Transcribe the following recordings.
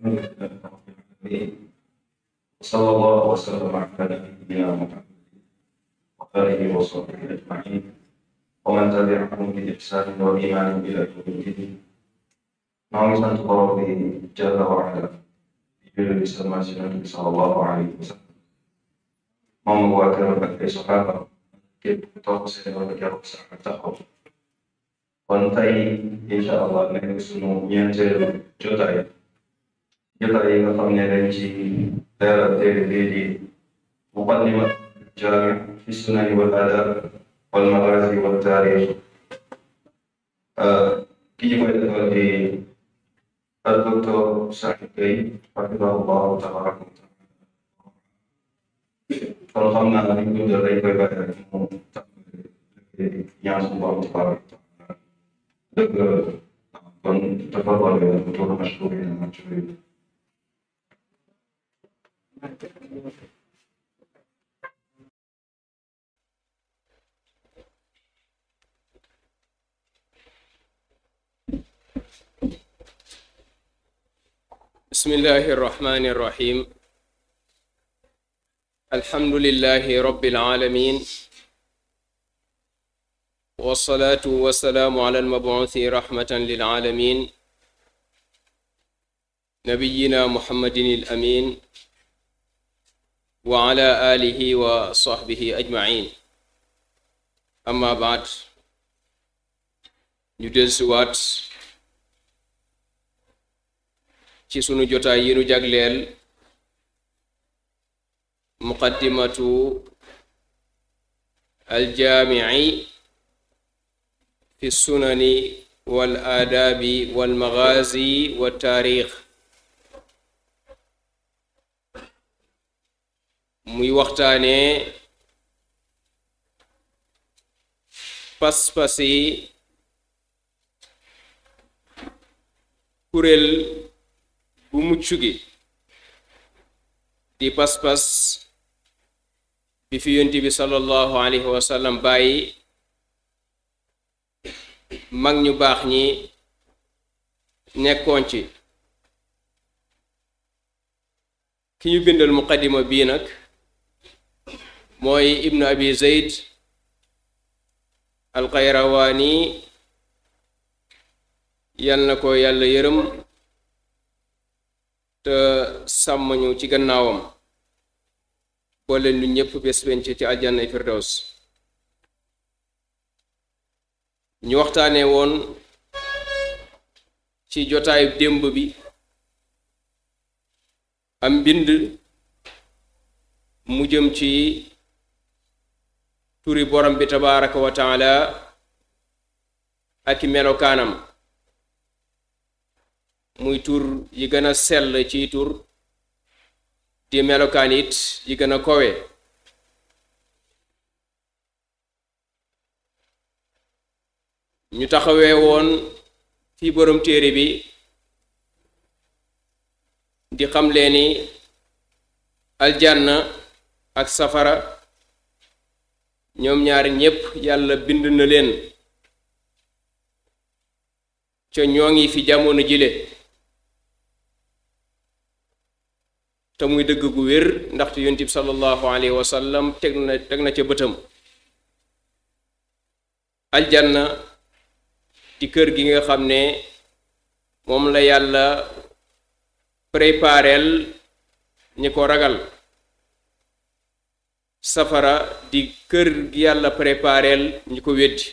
وصلى الله وسلم على نبينا محمد وآله وصحبه أجمعين ومن تبعهم بإحسان وإيمان إلى يوم الدين نعم سنت ربي جل وعلا بجل سما سنته صلى الله عليه وسلم من هو كرم في صحابة كيف تغسل ولك رقص تقوى kon tey incha allah nekk sunu ñeenteelu jotaay jataay yi nga xam ne dañ ci leeral téere bii di muqaddima jaami fi sunani wal adab wal maghaazi wal taarix ki ci koy defal di al docteur Sakhir Gueye hafidahullahu tabaraka wa taala kon xam naa dañ koy dal dañ koy bàyyi rek mu tàmbali ñaan suñu borom tabaraka wa taala dëgg kon tafarwal bi dafa toog mashkuur بسم الله الرحمن الرحيم الحمد لله رب العالمين والصلاة والسلام على المبعوث رحمة للعالمين نبينا محمد الأمين wa ala alihi wa sahbihi ajmain amma baat ñu dellusiwaat ci sunu jotaay yi nu jagleel fi sunani wal aadaabi wal magaazi muy waxtaanee pas-pasi kuréel bu mucc gi di pas-pas bi fi yonent bi sallallahu alayhi wa bàyyi mag ñu baax ñi nekkoon ci ki ñu bindal muqaddima bii nag mooy ibnu abi zeyd alxayrawaani yal na ko yàlla yërëm te sàmm ci gannaawam boole nu ñépp bés benn ci aljanna firdaws ñu waxtaane woon ci jotaayu démb bi am mbind mu jëm ci turi borom bi tabaraka wa taala ak melokaanam muy tur yi gën a sell ci tur di melokaan it yi gën a kowe ñu taxawee woon fi borom téere bi di xam leen ni aljanna ak safara ñoom ñaar ñépp yàlla bind na leen ca ñoo ngi fi jamono jile te muy dëgg gu wér ndaxte yonent bi sallallahu alayhi wa teg teg na ca bëtam aljanna di kër gi nga xam ne moom la yàlla prépareel ñi ko ragal safara di kër gi yàlla prépareel ñi ko weddi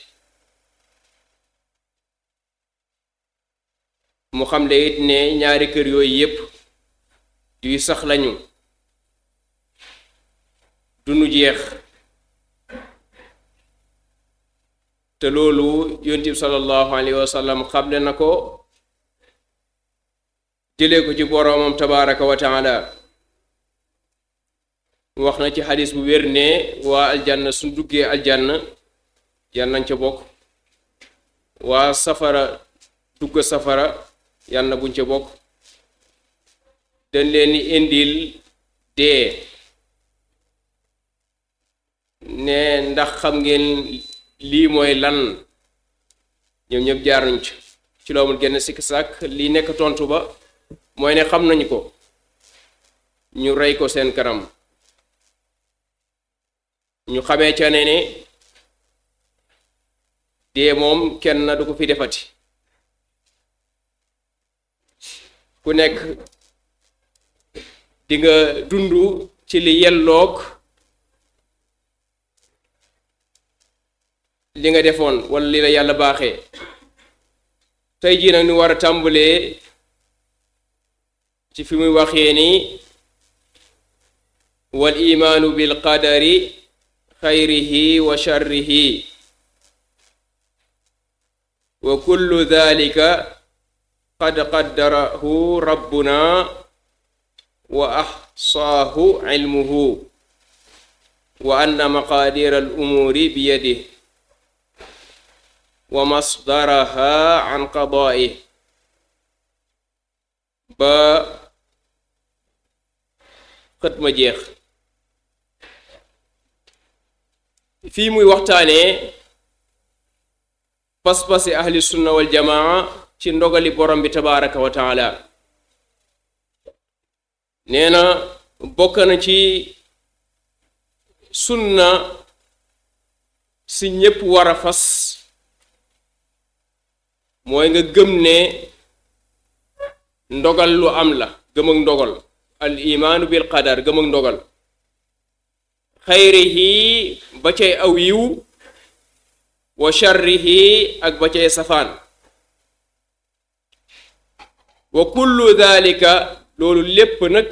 mu xamle it ne ñaari kër yooyu yépp duy sax lañu du nu jeex te loolu yonti bi sallallahu alayhi wa xamle na ko jëlee ko ci boroomam tabaraka wa wax na ci xadis bu wér ne waa aljanna suñ duggee aljanna yal nañ ca bokk waa safara dugg safara yal buñ ca bokk dañ leen di indil dee ne ndax xam ngeen lii mooy lan ñoom ñëpp jaar nañ ci ci loomul genn sikk sàkk lii nekk tontu ba mooy ne xam nañ ko ñu rey ko seen kanam ñu xamee ca ne ne dee moom kenn na du ko fi defati ku nekk di nga dund ci li yelloog li nga defoon wala li la yàlla baaxee tey jii nag ñu war a tàmbalee ci fi muy waxee ni wal imaanu bil qadari خيره وشره وكل ذلك قد قدره ربنا وأحصاه علمه وأن مقادير الأمور بيده ومصدرها عن قضائه با xët ma jeex fii muy waxtaanee pas-pasi ahli sunna wal jamaa ci ndogali borom bi tabaraka wa taala nee na bokk na ci sunna si ñépp war a fas mooy nga gëm ne ndogal lu am la gëm ndogal al imaanu bil qadar gëm ndogal xayrihi ba cay aw yiw wa sharrihi ak ba cay safaan wa kullu dalika loolu lépp nag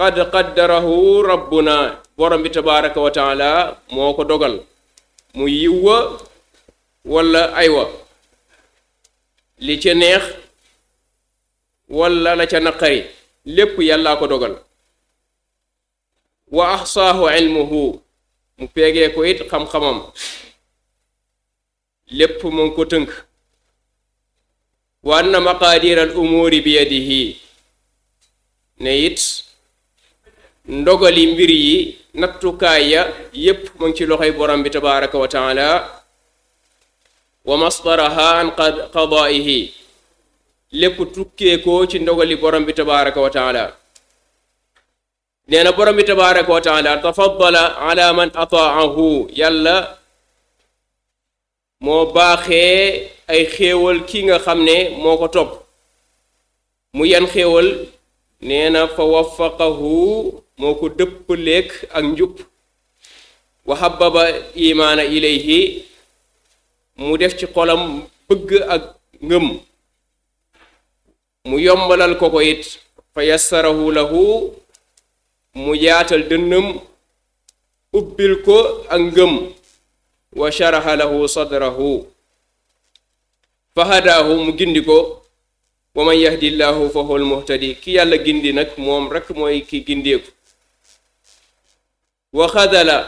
qad qaddarahu rabbuna borom bi tabaraka wa taala moo ko dogal mu yiwwa walla aywa li ca neex walla la ca naqari lépp yàllaa ko dogal wa axsaahu ilmuhu mu peegee ko it xam-xamam lépp mu ko tënk wa anna maqaadiir al umuuri bi yadihi ne it ndogali mbir yi nattukaay ya yépp mu ngi ci loxoy boram bi tabaraka wa taala wa masdaraha an qadaa'ihi lépp tukkee ci ndogali borom bi tabaraka wa nee na borom bi tabaraka wa taala tafaddala ala man moo baaxe ay xéewal ki nga xam ne moo ko topp mu yan xéewal nee na fa waffaqahu moo ko dëpp lek ak njub wa hababa imaana ilayhi mu def ci kolam bëgg ak ngëm mu yombalal ko ko it fa yassarahu lahu mu yaatal dënnam ubbil ko ak ngëm wa sharaha lahu sadrahu fahadaahu mu gindi ko wa man yahdillahu fa huwa ki yàlla gindi nag moom rekk mooy ki gindeeku wa xadala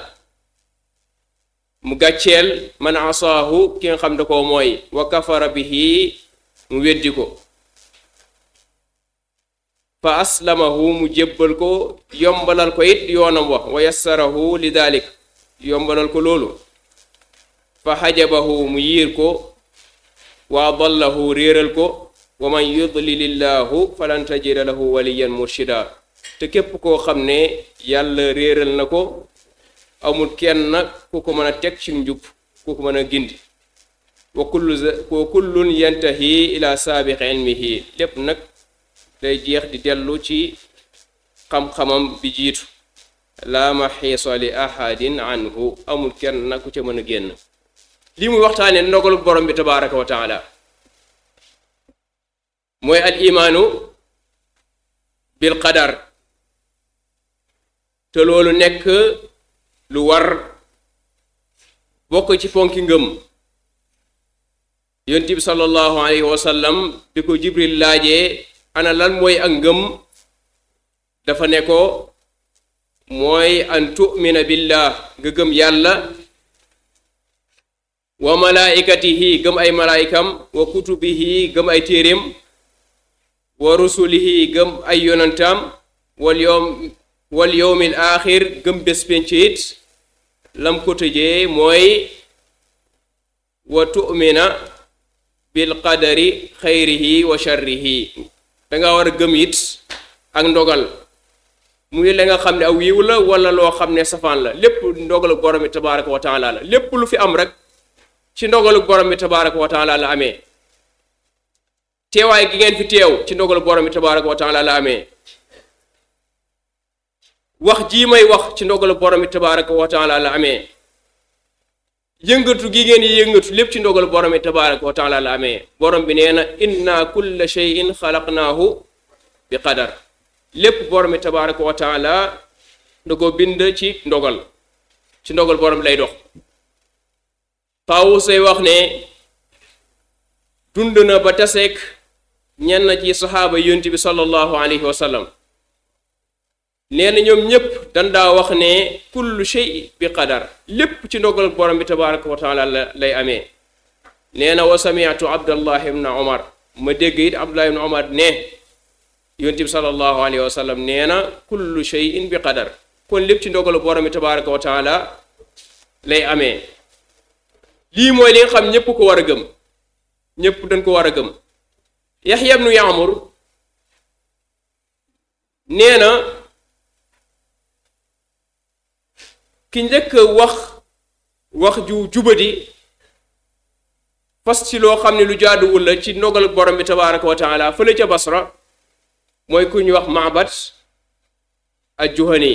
mu gàcceel man asaahu ki nga xam ne mooy wa kafara bihi mu weddi ko fa aslamahu mu jébbal ko yombalal ko it yoonam wax wa yassarahu li daalik yombalal ko loolu fa xajabahu mu yiir ko wa adallahu réeral ko wa man yudlilillahu falan tajida lahu waliyan murshida te képp koo xam ne yàlla réeral na ko amul kenn ku ko mën a teg ci njub ku ko mën a gindi wa kullu wa kullun yantahi ila saabiqi ilmihi lépp nag day jeex di dellu ci xam-xamam bi jiitu laa maxiisa li ahadin amul kenn na ku ca mën a génn lii muy waxtaane ndogalu borom bi tabaraka wa taala mooy al imaanu bil qadar te loolu nekk lu war bokk ci fonki ngëm yonent bi sallallahu alayhi wa sallam bi ko jibril ana lan mooy ak ngëm dafa ne ko mooy an tu'mina billah nga gëm yàlla wa malaikatihi gëm ay malaayikam wa kutubihi gëm ay téeréem wa rusulihi gëm ay yonantaam wal yawm wal yawmil aaxir gëm bés pénc mooy wa tu'mina bil qadari xayrihi wa sharrihi danga war a gëm it ak ndogal muy la nga xam ne aw yiw la wala loo xam ne safaan la lépp ndogalu borom bi tabaaraka la lépp lu fi am rek ci ndogalu borom la amee teewaay gi ngeen fi teew ci ndogalu borom bi tabaaraka wa taala la amee wax jii may wax ci ndogalu borom bi tabaaraka wa la amee yëngatu gi ngeen yëngatu lépp ci ndogal borom bi tabaraka wa taala la amee borom bi nee na inna kulla shay'in xalaqnaahu bi qadar lépp borom bi wa taala da bind ci ndogal ci ndogal borom lay dox Taawus say wax ne dund na ba taseek ñenn ci saxaaba yonent bi sallallahu alayhi wa nee na ñoom ñépp dañ daa wax ne kullu shay bi qadar lépp ci ndogal borom bi tabaraka wa lay amee nee na wa samiatu abdallah ibn omar ma dégg it abdullah ibn omar ne yonent bi sallallahu alayhi wa sallam nee na kullu shayin bi qadar kon lépp ci ndogalu borom bi tabaraka wa lay amee lii mooy li xam ñépp ko war a gëm ñépp dañ ko war a gëm yaxya ibnu yaamur ki njëkk wax wax ju jubadi fas ci loo xam ne lu jaaduwul la ci ndogal borom bi tabaraka wa taala fële ca basra mooy ku ñu wax maabat ak juhani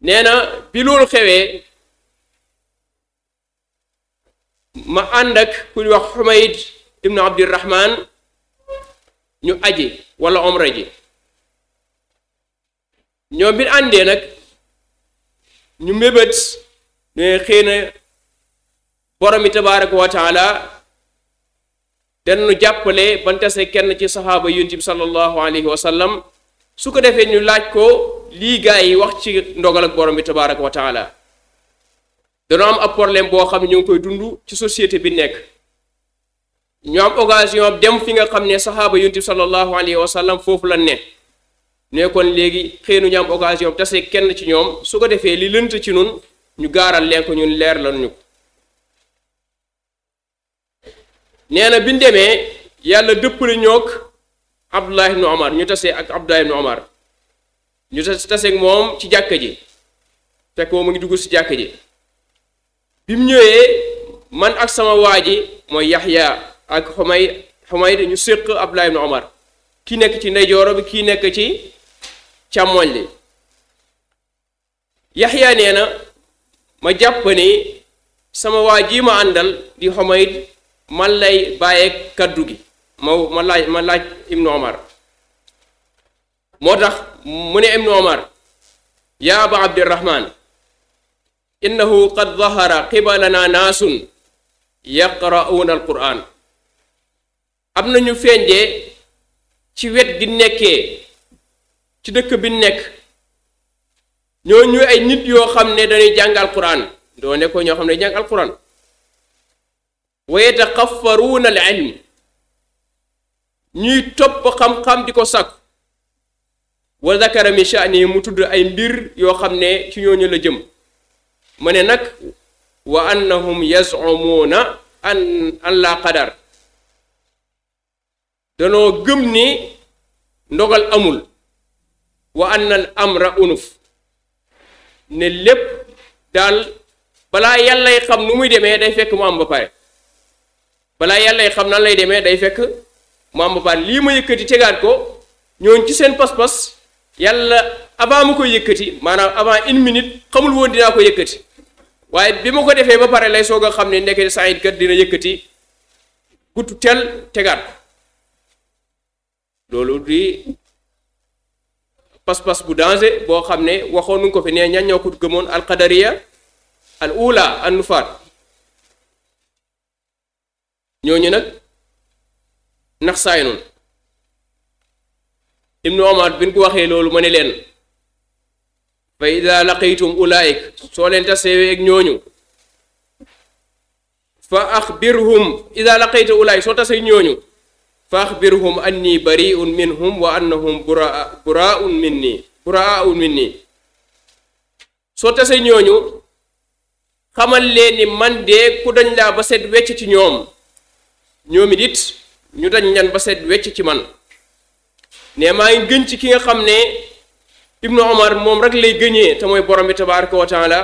nee na bi loolu xewee ma àndak ak ku ñuy wax xumayd ibnu abdirahman ñu aji wala omra ñoom bi àndee nag ñu mébét ne xëy na borom bi tabaaraka wa taala danu jàppale ban tase kenn ci saxaaba yonent bi sallallahu alayhi su ko defee ñu laaj ko lii yi wax ci ndogal ak borom bi tabaaraka wa taala danoo am ab problème boo xam ne ñu ngi koy dund ci société bi nekk ñu am occasion dem fi nga xam ne saxaaba yonent bi sallallahu alayhi wa foofu la ne ne kon léegi xëy na ñu am occasion kenn ci ñoom su ko defee li lënt ci nun ñu gaaral lenk ñun leer lan ñu ko nee na bi ñu demee yàlla dëppale ñoog Abdullah ibnu Omar ñu tasee ak Abdullah ibnu Omar ñu tase ak moom ci jàkk ji fekk moom mu ngi dugg si jàkk ji bi mu ñëwee man ak sama waa ji mooy Yaxya ak Xumay Xumayd dañu séq Abdullah ibnu Omar kii nekk ci ndeyjooro bi kii nekk ci càmmoñ li yaxya nee na ma jàpp ni sama waa ji ma àndal di xomayd man lay bàyyee kàddu gi ma ma laaj ma laaj ibnu omar moo tax mu ne ibnu omar yaa aba abdirahman innahu qad dahara qibalana naasun yaqra'uuna alquran am na ñu feeñ de ci wet gi nekkee ci dëkk bi nekk ñoo ñu ay nit yoo xam ne dañuy jàng alquran doo ne ñoo xam ne jàng alquran wa yataxaffaruuna al ilm ñuy topp xam-xam di ko sakk wa zakara sha'ni mu tudd ay mbir yoo xam ne ci ñooñu la jëm ma ne nag wa annahum yazumuuna an an laa qadar danoo gëm ni ndogal amul wa annal na unuf ne lépp daal balaa yàllay xam nu muy demee day fekk mu am ba pare balaa yàllay xam nan lay demee day fekk mu am ba pare lii ma yëkkati tegaat ko ñooñ ci seen pas-pas yàlla avant mu koy yëkkati maanaam avant une minute xamul woon dinaa ko yëkkati waaye bi ma ko defee ba pare lay soog a xam ne ndekete Saïd kat dina yëkkati guttu teel tegaat ko loolu di pas-pas bu danger boo xam ne waxoon nañu ko fi ne ñan ñoo ko gëmoon alqadariya al ula an nufaat ñooñu nag nax saay noonu ibnu omar bi ñu ko waxee loolu ma ne leen fa ida laqitum ulaik soo leen tasewee ak ñooñu fa axbirhum ida laqayta ulaik soo tasee ñooñu fa axbirhum anni bariun minhum wa annahum buraa buraaun minni buraaun minni soo tase ñooñu xamal leen ni man de ku dañ laa ba set wecc ci ñoom ñoom it ñu dañ ñan ba set wecc ci man ne maa ngi gën ci ki nga xam ne ibnu omar moom rek lay gëñee te mooy borom bi tabaraka wa taala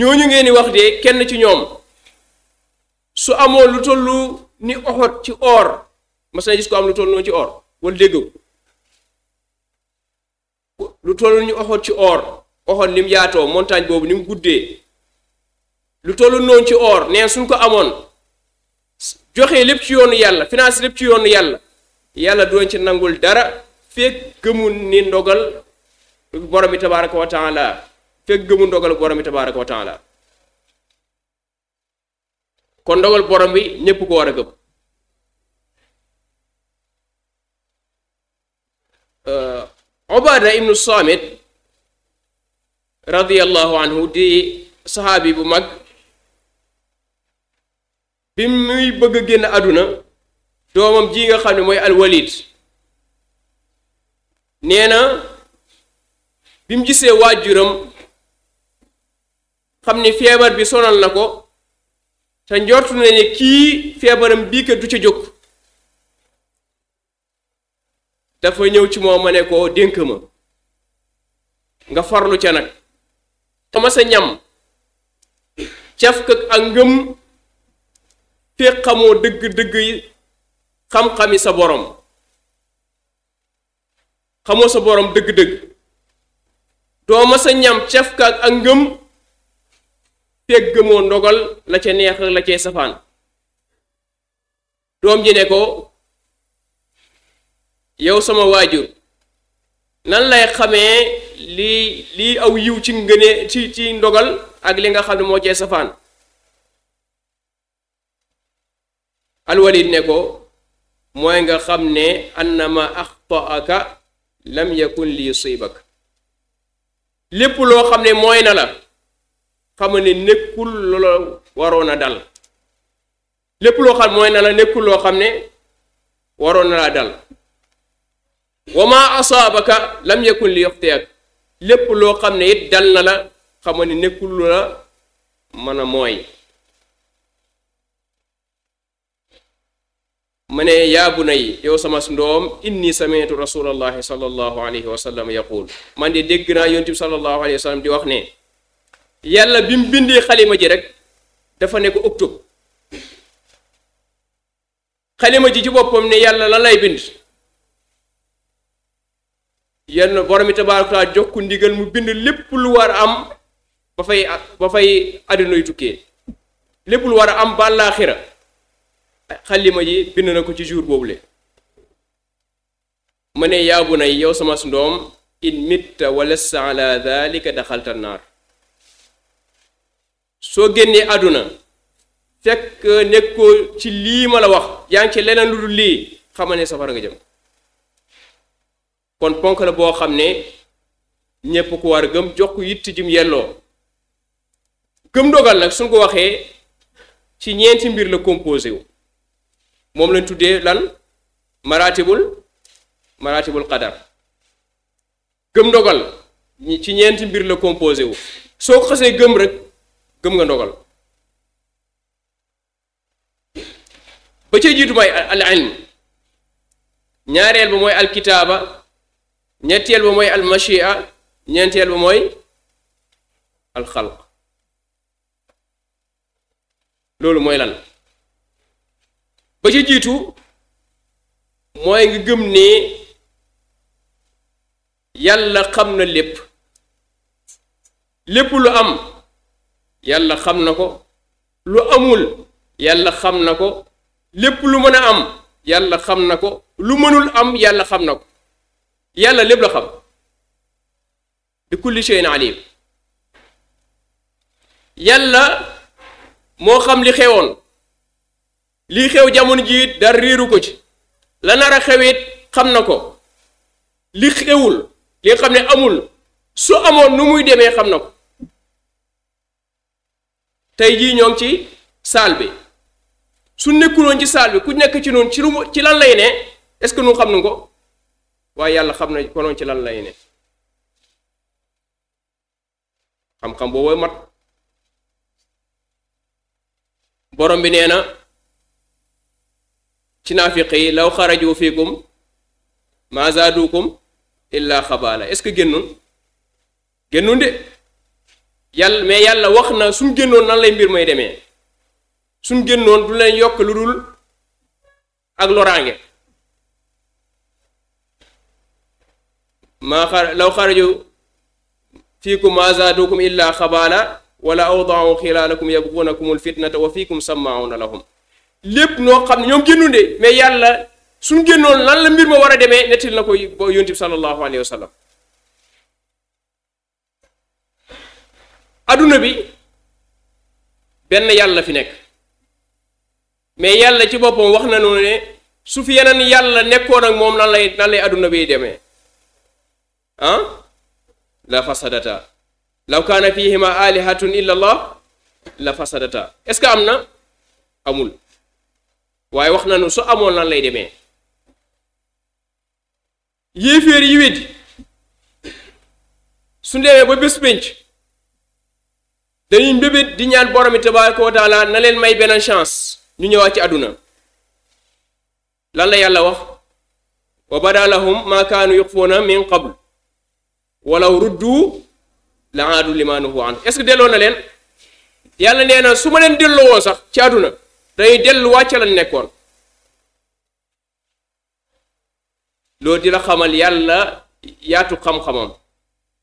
ñooñu ngeen di wax de kenn ci ñoom su amoon lu tollu ni oxot ci or mas na ko am lu toll noonu ci oor wal dégg lu toll ñu oxoot ci or oxoot ni mu yaatoo boobu ni guddee lu toll noonu ci or neen suñ ko amoon joxe lépp ci yoonu yàlla finance lépp ci yoonu yàlla yàlla doon ci nangul dara fekk gëmul ni ndogal borom bi tabaaraka wa taala fekk gëmul ndogal borom bi tabaaraka wa taala kon ndogal borom bi ñépp ko war a gëm Uh, Ubaada ibnu Saamit radiyallahu anhu di saxaabi bu mag bi muy bëgg a génn àdduna doomam ji nga xam ne mooy alwalid nee na bi mu gisee waajuram xam ni feebar bi sonal na ko te njortu na ne kii feebaram bii kat du ca jóg dafa ñëw ci moom ma ne ko dénk ma nga farlu ca nag tama sa ñam caf kak ak ngëm te xamoo dëgg-dëgg xam-xami sa borom xamoo sa borom dëgg-dëgg doo sa ñam caf ak ngëm te gëmoo ndogal la ca neex la cay safaan doom ji ne ko yow sama waajur nan lay xamee lii lii aw yiw ci ngënee ci ci ndogal ak li nga xam ne moo cee safaan alwalid ne ko mooy nga xam ne annama axtaaka lam yakun li yusibak lépp loo xam ne mooy na la xam ne nekkul loola waroon a dal lépp loo xam mooy na la nekkul loo xam ne waroon na laa dal wa maa asaabaka lam yakun li yoxtiyak lépp loo xam ne it dal na la xama ne nekkul lu la mën a mooy mu ne yaa bunay yow sama ndoom inni samitu rasulallahi sallallahu alayhi wa sallam yaqul man de dégg naa yonent bi sallallahu alayhi di wax ne yàlla bi mu bindee xalima ji rek dafa ne ko uktub xalima ji ci boppam ne yàlla la lay bind yenn borom bi tabaaraka taala jox ko ndigal mu bind lépp lu war a am ba fay ba fay àddina yu tukkee lépp lu war a am ba àllaaxira xalima ji bind na ko ci jour boobule ma ne yaabu na yow sama ndoom in walla wa lasta ala dalika daxalta naar soo génnee àdduna fekk nekkoo ci lii ma la wax yaa ngi ci leneen lu dul lii xamal ne safara nga jëm kon ponk la boo xam ne ñépp ku war gëm jox ko yitt jim yelloo gëm dogal nag suñ ko waxee ci ñeenti mbir la composé wu moom lañ tuddee lan maratibul maratibul qadar gëm dogal ci ñeenti mbir la composé wu soo ko xasee gëm rek gëm nga ndogal ba ca jiitu may al ñaareel ba mooy alkitaaba ñetteel ba mooy al machia ñeenteel ba mooy al xalq loolu mooy lan ba ci jiitu mooy nga gëm ne yàlla xam na lépp lépp lu am yàlla xam na ko lu amul yàlla xam na ko lépp lu mën a am yalla xam na ko lu mënul am yàlla xam na ko yàlla lépp la xam bi naa lii alim yàlla moo xam li xewoon lii xew jamono jii dara réeru ko ci la nar a xewit xam na ko li xewul li xam ne amul su amoon nu muy demee xam na ko tey jii ñoo ci saal bi su nekkuloon ci saal bi ku nekk ci noonu ci ci lan lay ne est-ce que nu xam nañ ko waa yàlla xam na konoon ci lan lay ne xam-xam boobu mat borom bi nee na ci naafiq yi law xaraju fiikum maa zaadukum illa xabaala est-ce que génnun génnun de yàlla mais yàlla wax na suñ génnoon nan lay mbir may demee suñ génnoon du leen yokk lu dul ak loraange maa xar law xaraju fiikum maa zaadukum illaa xabaala wala awdaawu xilaalakum yabguunakum alfitnata wa fiikum sammaawuna lahum lépp noo xam ne ñoom génnuñ mais yàlla suñ génnoon lan la mbir ma war a demee nettil na ko yonent bi sallallahu alayhi wa sallam bi benn yàlla fi nekk mais yàlla ci boppam wax nañu ne su fi yeneen yalla nekkoon ak moom lan lay lan lay adduna biy demee أه؟ la fasadata law kana fihima alihatun illa allah la fasadata est am na amul waaye wax nañu su amoon lan lay demee yéeféer yi weddi su demee ba bés pénc dañuy mbébét di ñaan borom bi tabaraka na leen may beneen chance ñu ñëwaat ci àdduna lan la yàlla wax wa bada lahum ma kaanu yuxfuuna min qabl walaw ruddu la aadu limaa nuhuu anhu est delloo na leen yàlla nee na su ma leen delloo woon sax ci àdduna dañuy delluwaat ca lañ nekkoon loolu di la xamal yàlla yaatu xam-xamam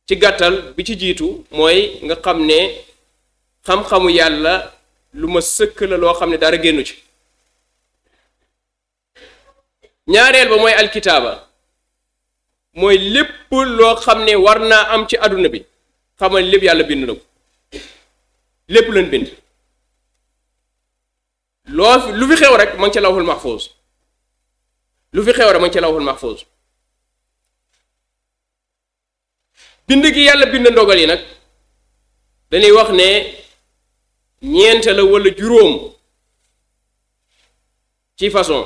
ci gàttal bi ci jiitu mooy nga xam ne xam-xamu yàlla lu ma sëkk la loo xam ne dara génnu ci ñaareel ba mooy alkitaaba mooy lépp loo xam ne war naa am ci àdduna bi xamal lépp yàlla bind na lépp lañ bind loo fi lu fi xew rek ma ci ca lawhul lu fi xew rek ma ngi ca bind gi yàlla bind ndogal yi nag dañuy wax ne ñeent la walla juróom ci façon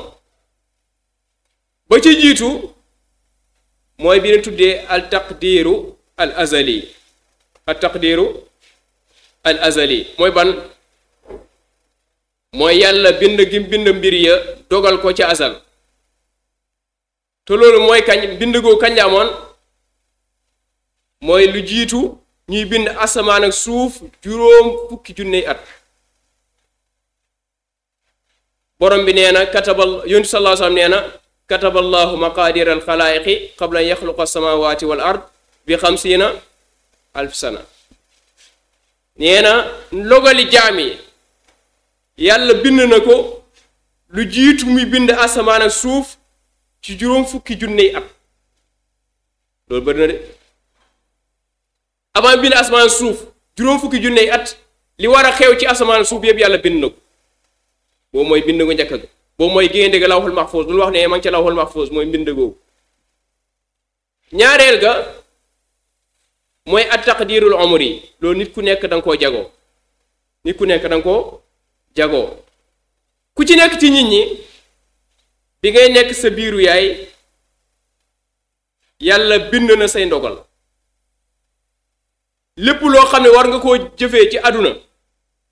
ba ci jiitu mooy bi ñu tuddee al taqdiiru al azali al taqdiiru al azali mooy ban mooy yàlla bind gim bind mbir ya dogal ko ci asal te loolu mooy kañ bind goo kañ la amoon mooy lu jiitu ñuy bind asamaan ak suuf juróom fukki junney at borom bi nee na katabal yontu sallallahu alayhi wa sallam nee na kataba allahu maqaadira alxalaayiqi qabla an yaxluqa alsamawati wal ard bi xamsiina alf sana nee na ndogali jaam yàlla bind na ko lu jiitu muy bind asamaan suuf ci juróom fukki junney at loolu bëri de avant bind asamaan suuf juróom fukki junney at li war a xew ci asamaan suuf yëpp yàlla bind na ko boobu mooy bind ko njëkk ga boobu mooy génde ga lawhul mahfuz bu ñu wax ne ma ngi ca lawhul mahfuz mooy mbind googu ñaareel ga mooy at taqdirul umri yi loolu nit ku nekk danga koo jagoo nit ku nekk da nga koo jagoo ku ci nekk ci nit ñi bi ngay nekk sa biiru yaay yàlla bind na say ndogal lépp loo xam ne war nga koo jëfee ci àdduna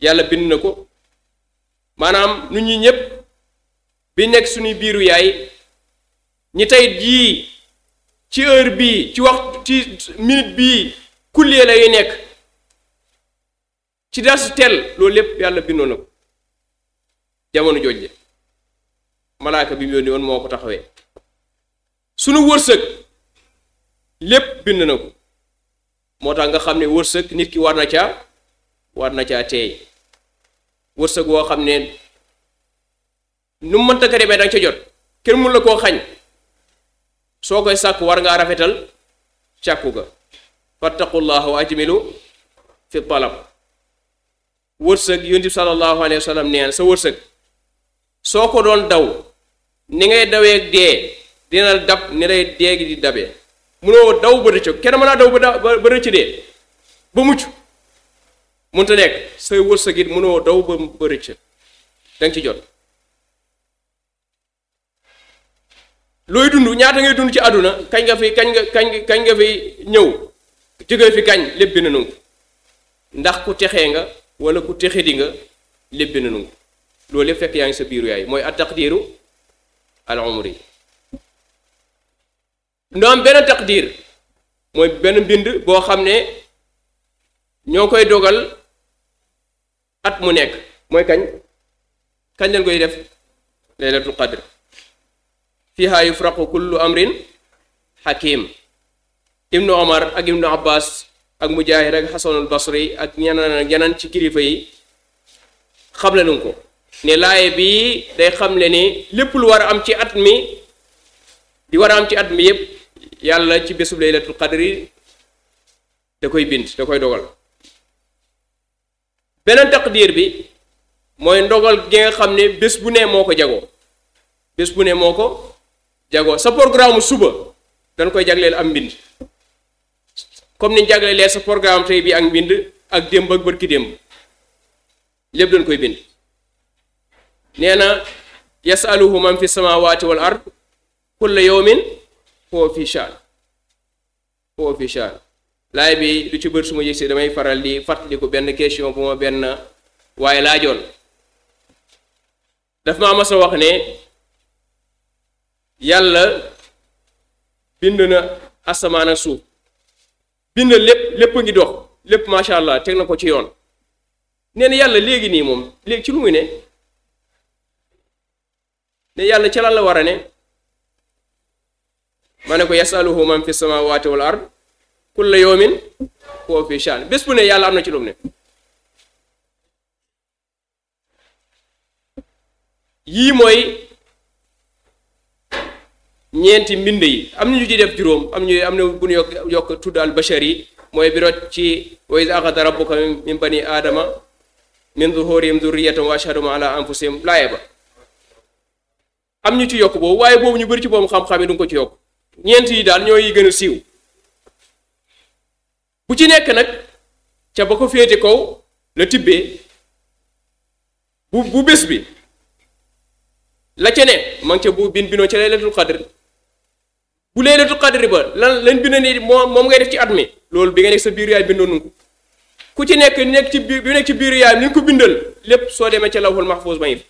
yàlla bind na ko maanaam nu ñi ñépp bi nekk suñuy biiru yaay ñi tey jii ci heure bii ci waxtu ci minute bii kullee la nekk ci dasu tel loolu lépp yàlla bindoon na ko jamono jooje malaaka bi mu yónni woon moo ko taxawee sunu wërsëg lépp bind na ko moo tax nga xam ne wërsëg nit ki war na caa war na caa teey wërsëg woo xam ne nu mu mënta demee danga ca jot kenn mun la koo xañ soo koy sàkku war ngaa rafetal càkku ga fattaqullaha wa ajmilu fi talab wërsëg yonent bi sallallahu alayhi wa sallam neen sa wërsëg soo ko doon daw ni ngay dawee dee dina dab ni lay dee di dabee munoo daw ba rëcc kenn mën a daw ba rëcc dee ba mucc munta nekk sa wërsëg it munoo daw ba rëcc danga ci jot looy dund ñaata ngay dund ci àdduna kañ nga fi kañ nga kañ kañ nga fi ñëw jógee fi kañ lépp bind nañ ko ndax ku texe nga wala ku texe di nga lépp na nañ loolu yëpp fekk yaa ngi sa biiru yaay mooy at-taqdiiru al-umri ndoom benn taqdiir mooy benn mbind boo xam ne ñoo koy dogal at mu nekk mooy kañ kañ lañ koy def laylatul qadr fiha yufraqu kullu amrin xakim ibnu omar ak ibnu abbas ak mujaahid ak xasanul basri ak ñeneen ak ci kilifa yi xamle nañ ko ne laaye bii day xamle ni lépp lu war a am ci at mi di war am ci at mi yépp yàlla ci bésub laylatul qadri da koy bind da koy dogal beneen taqdiir bi mooy ndogal gi xam ne bés bu ne moo ko jagoo bés bu ne moo ko jago sa programme suba dañ koy jagleel am mbind comme ni ñu jaglelee sa programme tey bi ak mbind ak démb ak bërki démb lépp dañ koy bind nee na yasaluhu man fi samawati wal ard kulla yawmin huwa fi shaan huwa fi shaan laay bi lu ci bër suma yëgsee damay faral di fàttaliku benn question bu ma benn waaye laajoon daf maa mas wax ne yàlla bind na asamaan ak suuf bind lépp lépp ngi dox lépp macha allah teg na ko ci yoon nee na yàlla léegi nii moom léegi ci lu muy ne ne yàlla ci lan la war a ne ma ne ko yasaluhu man fi samawati wal ard kulla yawmin huwa fi shan bés bu ne yàlla am na ci lu ne yii mooy ñeenti mbind yi am na ñu ci def juróom am ñu am na bu ñu yokk yokk tudd al bashar yi mooy bi ci wa iz axada rabbuka min bani aadama min zuhurihim zurriyatan wa ashhadum ala anfusihim laaye ba am ñu ci yokk boobu waaye boobu ñu bari ci boobu xam-xam yi du ko ci yokk ñeent yi daal ñooy gën a siiw bu ci nekk nag ca ba ko féete kaw la tibbee bu bu bés bi la ca ne ma ngi ca bu bin binoo ca laylatul qadr bu laylatul qadri ba lan lan bind nii moom moom ngay def ci at mi loolu bi nga nekk sa biir yaay bindoon nañ ko ku ci nekk nekk ci bi nekk ci biir yaay li nga ko bindal lépp soo demee ca lawhul mahfuz ma ngi fi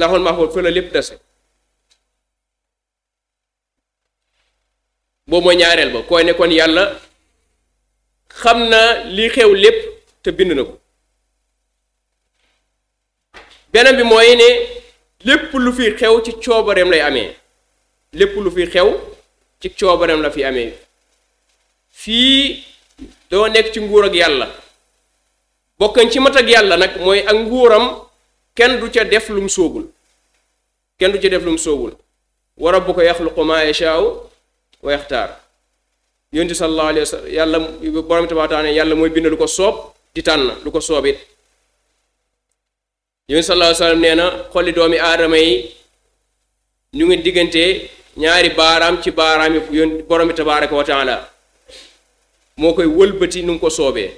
lawhul lépp dese boobu mooy ñaareel ba koy nekkoon yàlla xam na li xew lépp te bind na ko beneen bi mooy ne lépp lu fi xew ci coobareem lay amee lépp lu fi xew ci coobaram la fi amee fii doo nekk ci nguur ak yàlla bokkañ ci mat ak yàlla nag mooy ak nguuram kenn du ca def lum sóobul kenn du ca def lum sóobul wa rabbuka ko maa yashaa'u wa yaxtaar yonent sallallahu alayhi wa yàlla mooy bind lu ko soob di tànn lu ko soobit yonent sallallahu alayhi wa sallam doomi aadama yi ñu ngi diggante ñaari baaraam ci baaraam yi yoon borom bi tabaraka moo koy wëlbati nu mu ko soobee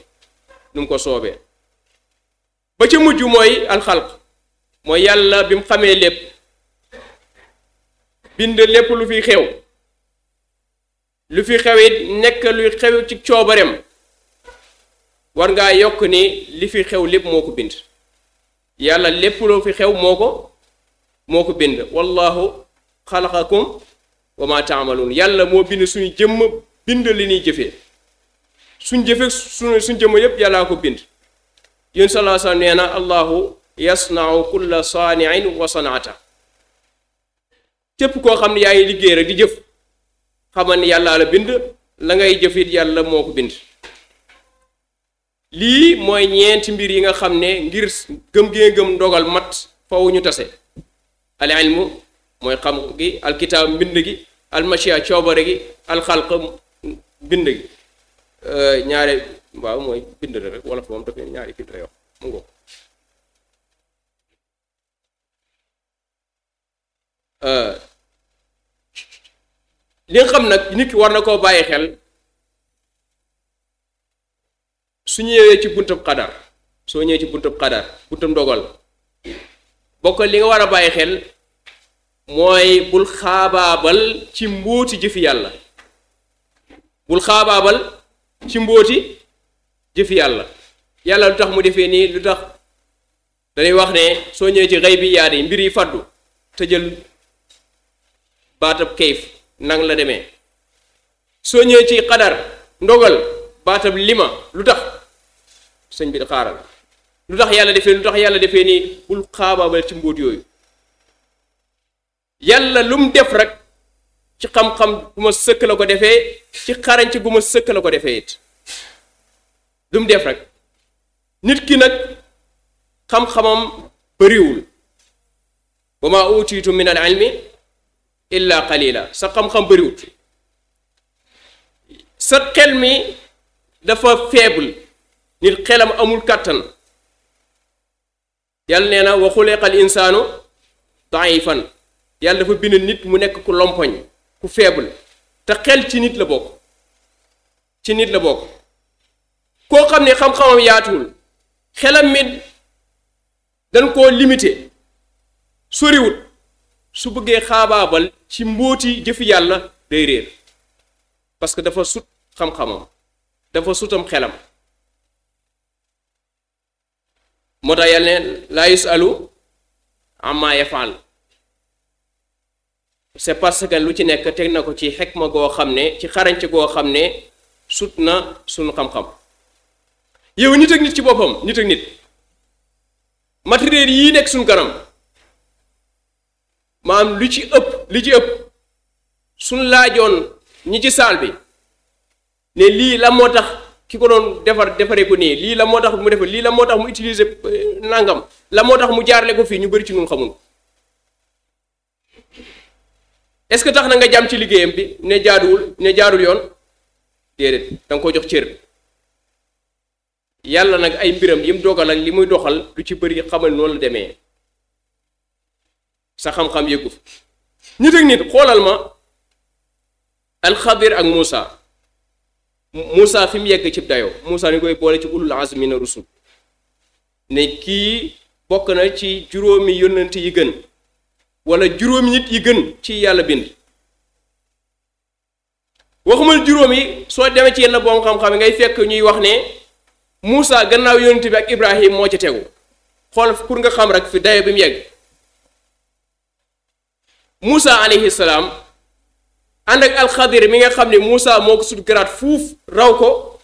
nu mu ko soobee ba ca mujj mooy alxalq mooy yàlla bi mu xamee lépp bind lépp lu fi xew lu fi xew it nekk luy xew ci coobareem war ngaa yokk ni li fi xew lépp moo ko bind yàlla lépp lu fi xew moo ko moo ko bind wallahu xalaqakum wa ma yàlla moo bind suñu jëmm bind li ñuy jëfee suñ jëfee suñu suñ jëmm yépp yàllaa ko bind yén salaa sallam allahu yasnau kulla saaniin wa sanaata képp koo xam ne yaa ngi liggéey rek jëf xamal ni yàllaa la bind la ngay jëf yàlla moo ko bind lii mooy ñeenti mbir yi nga xam ne ngir gëm gee gëm ndogal mat faw ñu tase al ilmu mooy xam gi alkitaab mbind gi almachia coobare gi alxalq mbind gi euh, ñaare waaw mooy bind rek wala fa moom dafay ñaari kii lay wax mu ngoog euh, li nga xam nag nit ki war na koo bàyyi xel su ñëwee ci buntab xadar soo ñëwee ci buntab xadar buntab ndogal bokk li nga war a bàyyi xel mooy bul xaabaabal ci mbóoti jëfi yàlla bul xaabaabal ci mbóoti jëfi yàlla yàlla lu tax mu defee nii lu tax dañuy wax ne soo ñëwee ci xëy bi yaadi mbir yi faddu te jël baatab kayf nang la demee soo ñëwee ci xadar ndogal baatab lima lu tax sëñ bi xaaral lu tax yàlla defee lu yàlla defee nii bul xaabaabal ci mbóot yooyu yàlla lu mu def rek ci xam-xam bu ma sëkk ko defee ci xarañte bu ma sëkk ko defee it lu def rek nit ki nag xam bariwul bëriwul wa maa utiitu min al ilmi illa qalila sa xam-xam bëriwul sa xel mi dafa faible nit xelam amul kàttan yàlla nee na wa xuliqa al insaanu daifan yàlla dafa bind nit mu nekk ku lompoñ ku faible te xel ci nit la bokk ci nit la bokk koo xam ne xam-xamam yaatuwul xelam mi dañ koo limité soriwut su bëggee xaabaabal ci mbóoti jëf yàlla day réer parce que dafa sut xam-xamam dafa sutam xelam moo tax yàlla ne laa yusalu amma yafaal c'est parce que lu ci nekk teg na ko ci ma goo xam ne ci xarañte goo xam ne sut na suñu xam-xam yow nit ak nit ci boppam nit ak nit matériel yii nekk suñ kanam maam lu ci ëpp li ci ëpp suñu laajoon ñi ci saal bi ne lii la moo tax ki ko doon defar defaree ko nii lii la moo tax mu defar lii la moo tax mu utiliser eh, nangam la moo tax mu jaarale ko fii ñu bëri ci nu xamul est-ce que tax na nga jàmm ci liggéeyam bi ne jaaduwul ne jaadul yoon déedéet da nga ko jox cër yàlla nag ay mbiram yi mu dogal li muy doxal lu ci bëri xamal noonu la demee sa xam-xam yëgu fa nit ak nit xoolal ma alxadir ak Moussa Moussa fi mu yegg ci dayoo Moussa ni koy boole ci ulul azmi na rusul ne kii bokk na ci juróomi yónnante yi gën wala juróomi nit yi gën ci yàlla bind waxumal juróom yi soo demee ci yenn boom xam-xam ngay fekk ñuy wax ne Moussa gannaaw yonent bi ak Ibrahim moo ci tegu xool pour nga xam rek fi dayo bi mu yegg Moussa alayhi ànd ak alxadir bi nga xam ne Moussa moo ko sut garaat fuuf raw ko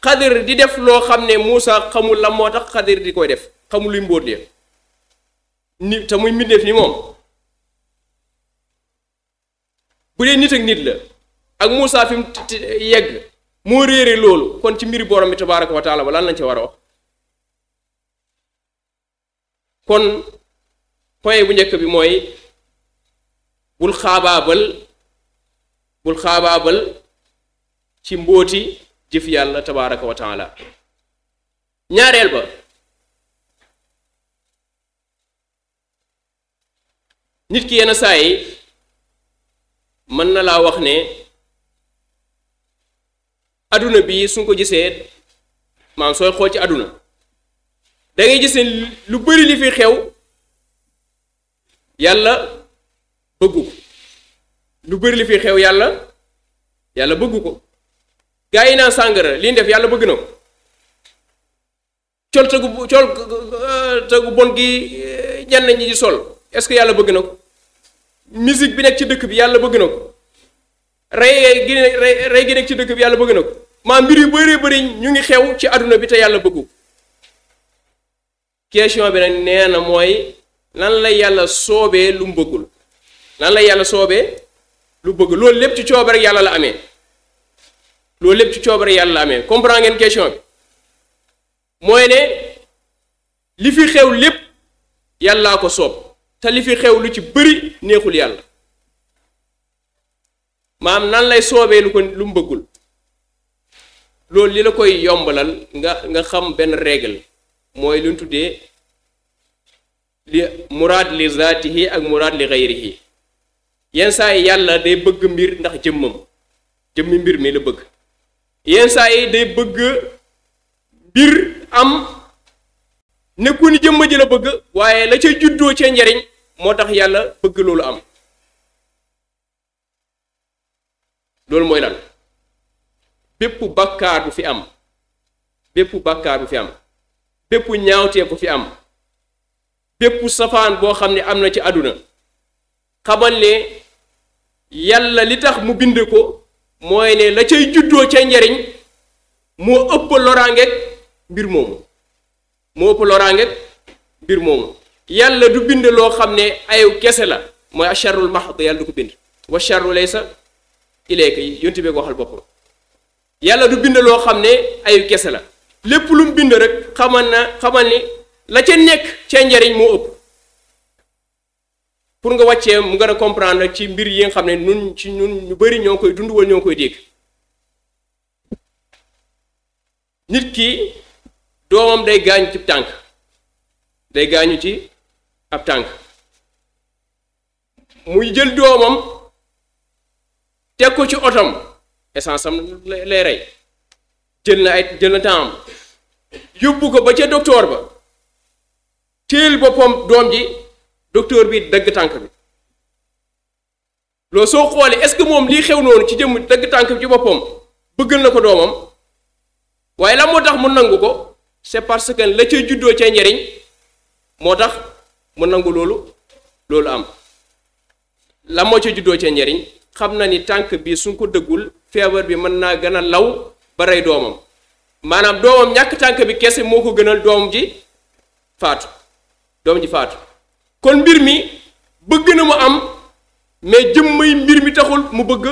xadir di def loo xam ne Moussa xamul la moo tax xadir di koy def xamul luy mbóot li ni te muy mbindeef ni moom bu dee nit ak nit la ak Moussa fi mu yegg moo réere loolu kon ci mbiri borom bi tabaaraka wa taala ba lan lañ ci war kon point bu njëkk bi mooy bul xaabaabal bul xaabaabal ci mbóoti jëf yàlla tabaaraka wa ñaareel ba nit ki yenn saa mën na laa wax ne aduna bi suñ ko gisee maam sooy xool ci aduna da ngay gis ne lu bari li fi xew yàlla bëggu ko lu bari li fi xew yàlla yàlla bëggu ko gaa yi naan sàngara li ñu def yàlla bëgg na ko col tegu col tegu bon gi eh, ñenn ñi sol est-ce que yàlla bëgg na ko musique bi nekk ci dëkk bi yàlla bëgg na ko rey gi nekk ci dëkk bi yàlla bëgg na ko maa mbir yu bëree bëri ñu ngi xew ci àdduna bi te yàlla bëggu question bi nag nee na mooy nan la yàlla soobee lu bëggul lan la yàlla soobee lu bëgg loolu lépp ci coobare yàlla la amee loolu lépp ci coobare yàlla la amee comprend ngeen question bi mooy ne li fi xew lépp yàllaa ko soob te li xew lu ci bëri neexul yàlla maam nan lay soobee lu ko lu mu bëggul loolu li la koy yombalal nga nga xam benn règle mooy lu ñu tuddee li muraad li zaatihi ak muraad li xayrihi yenn saa yi yàlla day bëgg mbir ndax jëmmam jëmmi mbir mi la bëgg yenn yi day bëgg mbir am nekku ni jëmma ji bëgg waaye la cay juddoo ca njariñ moo tax yàlla bëgg loolu am loolu mooy lan bépp bàkkaar bu fi am bépp bàkkaar bu fi am bépp ñaawteef fi am bépp safaan boo xam ne am na ci àdduna xamal ne yàlla li tax mu bind ko mooy ne la cay juddoo ca njariñ moo ëpp loraangeeg mbir moomu moo ëpp loraangeeg mbir moomu yàlla du bind loo xam ne ayu kese la mooy acharul mahd yàlla du ko bind wa charru laysa ilayka yi yonti bee ko waxal boppam yàlla du bind loo xam ne ayu kese la lépp lu bind rek xamal na xamal ni la ca nekk ca njariñ moo ëpp pour nga wàccee mu gën comprendre ci mbir yi nga xam ne nun ci ñun ñu bari ñoo koy dund wala ñoo koy dégg nit ki doomam day gaañu ci tànk day gaañu ci ab tànk muy jël doomam teg ko ci otom essance am lay rey jël na ay jël na temps am yóbbu ko ba ca docteur ba téel boppam doom ji docteur bii dëgg tànk bi loolu soo xoolee est-ce que moom lii xew noonu ci jëmm dagg tànk bi ci boppam bëggal na ko doomam waaye lan moo tax mu nangu ko c'est parce que la ca juddoo ca njariñ moo tax mu nangu loolu loolu am la moo ca juddoo ca njariñ xam na ni tànk bi suñ ko dëggul feebar bi mën naa gën a law ba doomam maanaam doomam ñàkk tànk bi kese moo ko gënal doom ji faatu doom ji faatu kon mbir mi bëgg na mu am mais jëmmay mbir mi taxul mu bëgg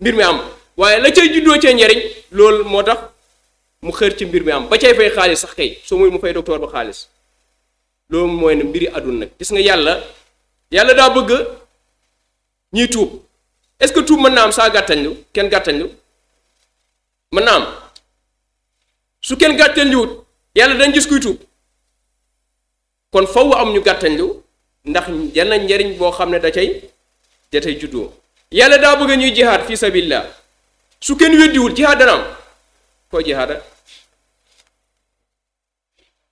mbir mi am waaye la cay juddoo cee njariñ loolu moo tax mu xër ci mbir mi am ba cay fay xaalis sax kay soo muy mu fay docteur ba xaalis loolu mooy ne mbiri àdduna nag gis nga yàlla yàlla daa bëgg ñiy est-ce que tuub mën naa am kenn gàttañlu mën naa su kenn gàttañluwut yàlla dañ gis kuy tuub kon faw am ñu gàttañlu ndax yenn njariñ boo xam ne da cay da cay juddoo yàlla daa bëgg ñuy jihaad fi sabilillah su kenn weddiwul jihaad dana am koo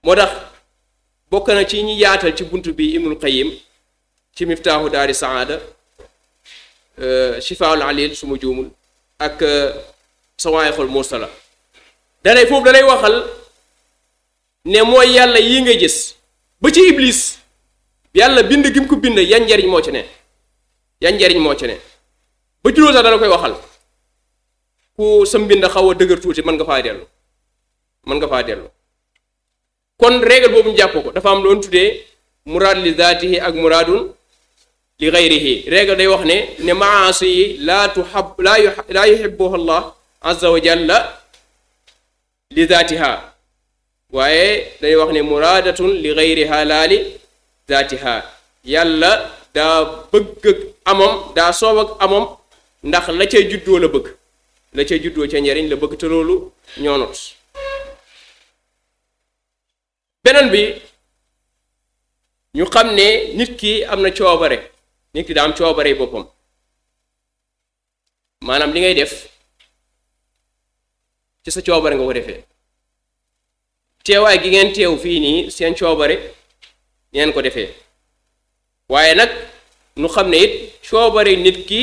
moo tax bokk na ci ñu yaatal ci bunt bi ibnul qayim ci miftaahu daari saada euh, shifaul alil su ma juumul ak euh, sawaay xol mursala danay foofu danay waxal ne mooy yàlla yi nga gis ba ci iblis yàlla bind gi ko bind yan njariñ moo ci ne yan moo ci ne ba juróom sax dana koy waxal ku sa mbind xaw a dëgër tuuti mën nga faa dellu mën nga faa dellu kon règle boobu jàpp ko dafa am loon tuddee muraad li zaatihi ak muraadun li gayrihi règle day wax ne ne maasi yi laa tuhab laa yu laa yuhibbuhu allah azza wa jalla li waaye day wax ne muraadatun li gayriha laa li zaatiha yàlla daa bëgg ak amam daa soob ak amam ndax la cay juddoo la bëgg la cay juddoo ca njariñ la bëgg te loolu ñoo not beneen bi ñu xam ne nit ki am na coobare nit ki daa am coobare boppam maanaam li ngay def ci sa coobare nga ko defee teewaay gi ngeen teew fii nii seen coobare ngeen ko defee waaye nag ñu xam ne it coobare nit ki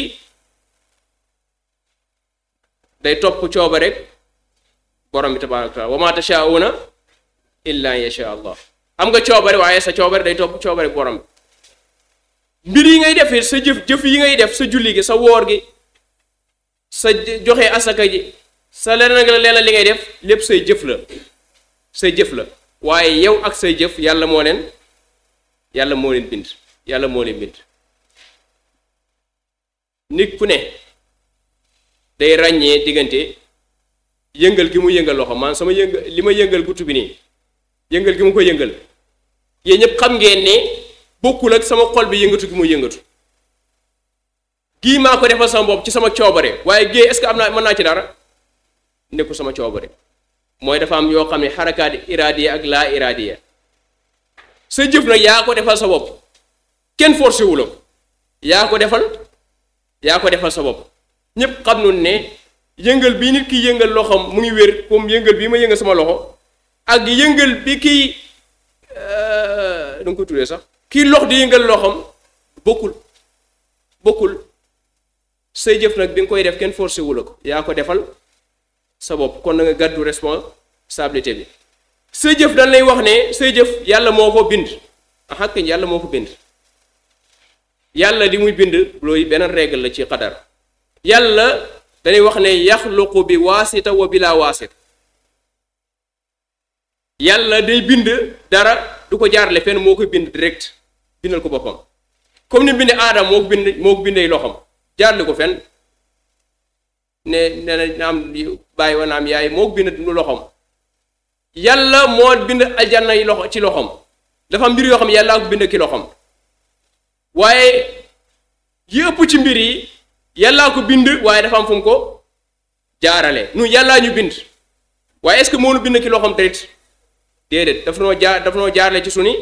day topp coobare borom bi tabaaraka wa maa illa yasha allah am nga coobare waaye sa coobare day topp coobare borom bi mbir yi ngay def sa jëf jëf yi ngay def sa julli gi sa woor gi sa joxe asaka ji sa leneen ak leneen li ngay def lépp say jëf la say jëf la waaye yow ak say jëf yàlla moo leen yàlla moo leen bind yàlla moo leen bind nit ku ne day ràññee diggante yëngal gi mu yëngal loxo man sama yëngal li ma yëngal guttu bi nii yëngal gi ma koy yëngal yéen ñëpp xam ngeen ne bokkul ak sama xol bi yëngatu gi muy yëngatu gii maa ko defal sama bopp ci sama coobare waaye géey est-ce que am naa mën naa ci dara nekku sama coobare mooy dafa am yoo xam ne xarakaat iradiya ak laa iradiya sa jëf nag yaa ko defal sa bopp kenn forcé wu yaa ko defal yaa ko defal sa bopp ñépp xam nun ne yëngal bii nit ki yëngal loxoom mu ngi wér comme yëngal bii ma yënga sama loxo ak yëngal bi kii euh, nu nga ko tuddee sax kii lox di yëngal loxam bokkul bokkul say jëf nag bi nga koy def kenn forcé wu la ko yaa ko defal sa bopp kon na nga gàddu responsabilité bi say jëf dañ lay wax ne say jëf yàlla moo ko bind axàkk yàlla moo ko bind yàlla li muy bind looy beneen règle la ci xadar yàlla dañuy wax ne yaxluqu bi waasita wa laa waasita yàlla day bind dara du ko jaarale fenn moo koy bind direct bindal ko boppam comme ni bind aadam moo ko bind moo ko bindee loxoom jaarale ko fenn ne ne na am naam yaay moo bind loxoom yàlla moo bind aljanna yi loxo ci loxoom dafa mbir yoo xam yàlla ko bind ki loxoom waaye yi ëpp ci mbir yi yàllaa ko bind waaye dafa am fu mu ko jaarale nu yàllaa ñu bind waaye est-ce moo nu bind ki loxoom direct déedéet daf noo jaar daf noo jaarle ci suñu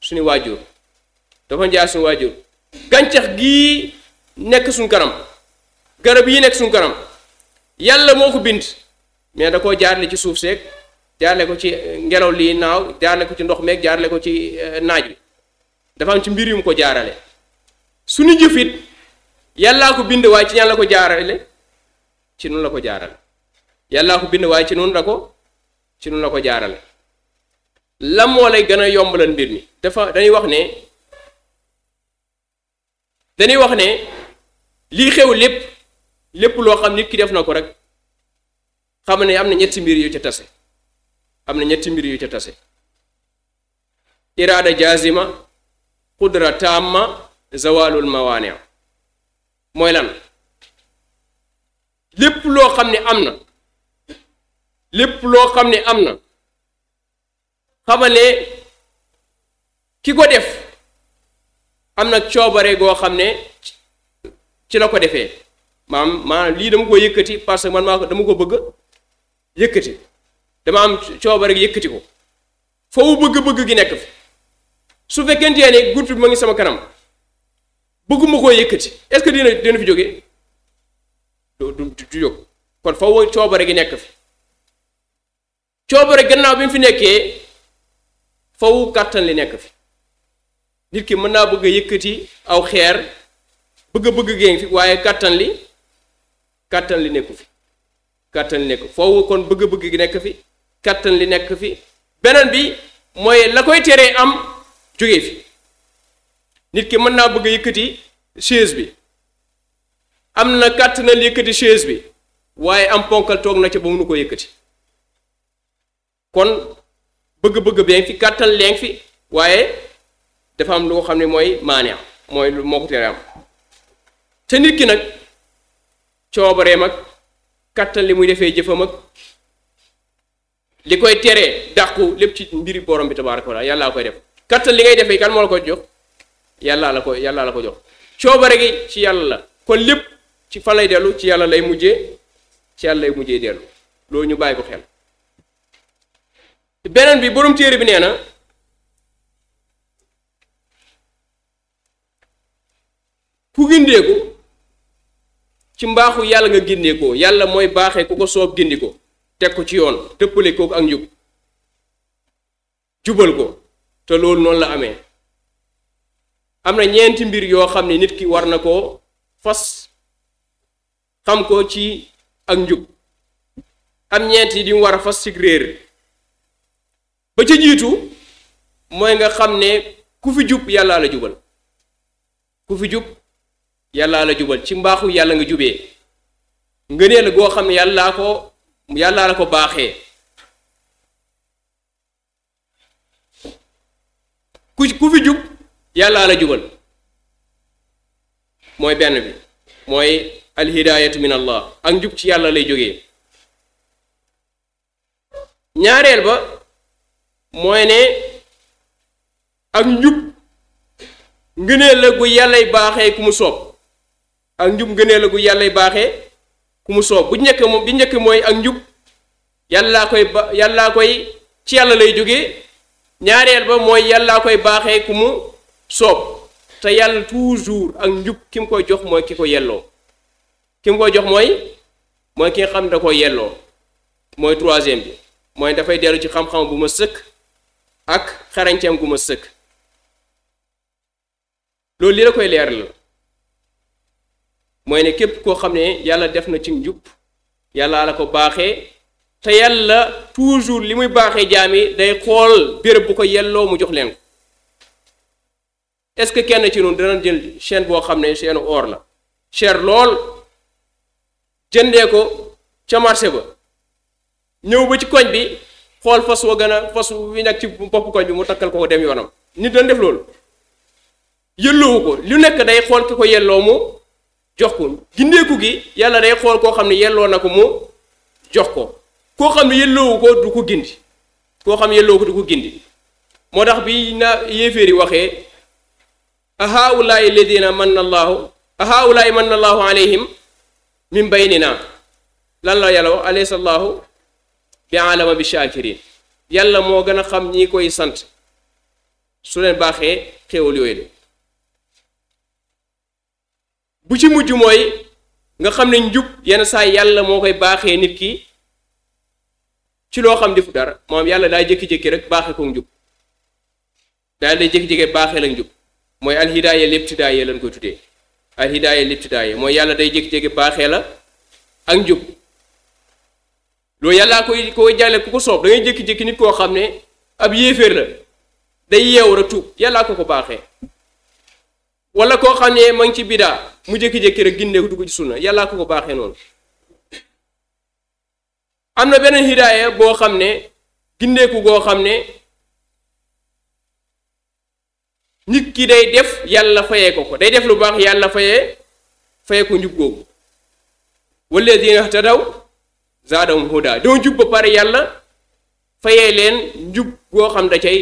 suñu waajur dafa jaar suñu waajur gàncax gii nekk suñ kanam garab yi nekk suñ kanam yàlla moo ko bind mais da koo jaarle ci suuf seeg jaarle ko ci eh, ngelaw lii naaw jaarle ko ci ndox meeg jaarle ko ci eh, naaj wi dafa am ci mbir yu ko jaarale suñu jëfit yàllaa ko bind waaye ci ñan ko jaarale ci la ko jaarale yàllaa ko bind waaye ci nun la ko ci la ko jaarale lan lay gën a yombalal mbir mi dafa dañuy wax ne dañuy wax ne lii xew lépp lépp loo xam nit ki def na ko rek xam ne am na ñetti mbir yu ca tase am na ñetti mbir yu ca tase iraada jaazima qudra taama zawalul mawaani mooy lan lépp loo xam ne am na lépp loo xam ne am na xamal ne ki ko def am na coobare goo xam ne ci la ko defee maam maanaam lii dama ko yëkkati parce que man maa ko dama ko bëgg yëkkati dama am coobare yëkkati ko foofu bëgg-bëgg gi nekk fi su fekkentee ne groupe bi ma ngi sama kanam bëgguma koo yëkkati est-ce que dina dina fi jóge du du jóg kon foofu coobare gi nekk fi coobare gannaaw bi mu fi nekkee faw kàttan li nekk fi nit ki mën naa bëgg a yëkkati aw xeer bëgg a bëgg génn fi waaye kàttan li kàttan li nekku fi kàttan li nekk kon bëgg bëgg gi nekk fi kàttan li nekk fi beneen bi mooy la koy teree am jóge fi nit ki mën naa bëgg a yëkkati chaise bi am na kàttanal yëkkati chaise bi waaye am ponkal toog na ci ba mënu ko yëkkati kon bëgg-bëgg bee fi kàttan leen fi waaye dafa am loo xam ne mooy maane mooy lu moo ko tere am te nit ki nag coobareem ak kàttan li muy defee jëfam ak li koy teree dàqu lépp ci mbiri borom bi tabaaraka walla yàllaa koy def kàttan li ngay defee kan moo la ko jox yàllaa la ko yàllaa la ko jox coobare gi ci yàlla la kon lépp ci fan lay dellu ci yàlla lay mujjee ci yàlla lay mujjee dellu loolu ñu bàyyi ko xel beneen bi borom téere bi nee na ku gindeeku ci mbaaxu yàlla nga gindeekoo yàlla mooy baaxee ku ko soob gindi ko teg ko ci yoon tëppale kooku ak njub jubal ko te loolu noonu la amee am na ñeenti mbir yoo xam ne nit ki war na koo fas xam ko ci ak njub am ñeenti di mu war a fas ci réer ba jiitu mooy nga xam ne ku fi jub yàllaa la jubal ku fi jub yàllaa la jubal ci mbaaxu yàlla nga jubee ngëneel goo xam ne yàllaa ko yàllaa ko baaxee ku yàllaa jubal mooy benn bi mooy alhidaayatu min ak njub ci yàlla lay jóge ñaareel ba mooy ne ak njub ngëneel la gu yàlla baaxee ku mu soob ak njub ngëneel la gu yàllay baaxee ku mu bu njëkk moom bi njëkk mooy ak njub yàllaa koy ba yàllaa koy ci yàlla lay jóge ñaareel ba mooy yàllaa koy baaxee ku mu soob te yàlla toujours ak njub ki mu koy jox mooy ki ko yelloo ki mu koy jox mooy mooy ki nga xam ne ko yelloo mooy troisième bi mooy dafay dellu ci xam-xam bu ma sëkk ak xarañteem gu ma sëkk loolu li la koy leer la mooy ne képp koo xam ne yàlla def na ci njub yàlla la ko baaxee te yàlla toujours li muy baaxee jaam yi day xool béréb bu ko yelloo mu jox leen ko est-ce que kenn ci noonu dana jël chaîne boo xam ne chaîne or la cher lool jëndee ko ca marché ba ñëw ba ci koñ bi xool fas wa gën a fas wi nekk ci bopp koñ bi mu takkal ko dem yoonam nit dañ def loolu yëlloowu ko lu nekk day xool ki ko yelloo mu jox ko gindeeku gi yàlla day xool koo xam ne yelloo na ko mu ko koo xam ne yelloowu du ko gindi koo xam ne yelloowu ko du ko gindi moo tax bi na yéeféer yi waxee ahaulaay ledina manna allaahu ahaulaay manna allaahu alayhim min baynina lan la yàlla wax alaysa allaahu bi alama bi shakirin yàlla moo gën a xam ñi koy sant su leen baaxee xéewal yooyu de bu ci mujj mooy nga xam ne njub yenn saa yàlla moo koy baaxee nit ki ci loo xam defu dara moom yàlla daay jékki-jékki rek baaxee ko njub daal day jékki-jékki baaxee la njub mooy alhidaaya liptidaaya lañ koy tuddee alhidaaya liptidaaya mooy yàlla day jékki-jékki baaxee la ak njub loolu yàllaa koy koy jàlle ku ko soob da ngay jékki nit koo xam ne ab yéeféer la day yeew rek tuub yàllaa ko ko baaxee wala koo xam ne ma ngi ci bidaa mu jékki-jékki rek gindeeku dugg ci sunna yàllaa ko ko baaxee noonu am na beneen hidaaya boo xam ne gindeeku goo xam ne nit ki day def yàlla fayee ko ko day def lu baax yàlla fayee fayee ko njub googu walla dina te daw zaadahum huda doo jub ba pare yàlla fayee leen njub goo xam da cay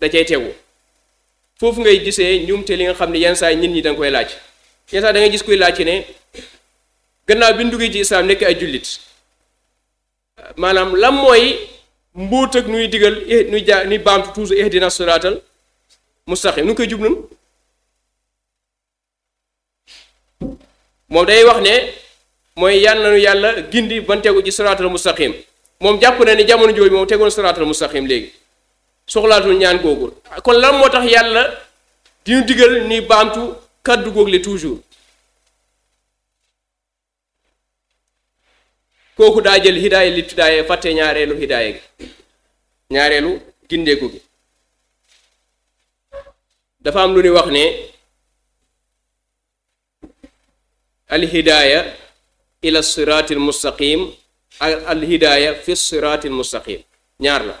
da cay tegu foofu ngay gisee njuumte li nga xam ne yenn saa nit ñi danga koy laaj yenn saa da ngay gis kuy laaj ne gannaaw bi ñu duggee ci islaam nekk ay jullit maanaam lan mooy mbuut ak nuy digal eh, nuy ja nuy baamtu toujours ihdina siraatal mustaqim nu koy jub nun moom day wax ne mooy yal nañu yàlla gindi ban tegu ci siraatal mustaqim moom jàpp na ni jamono jooju moom tegoon siraatal mustaqim léegi soxlaatul ñaan googu kon la moo tax yàlla diñu digal ni baamtu kàddu googu le toujours kooku daa jël hidaaya li tidaaye fàtte ñaareelu hidaaya gi ñaareelu gindeeku gi dafa am lu ñuy wax ne al ila siraatil mustaqim al hidaaya fi siraatil mustaqim ñaar la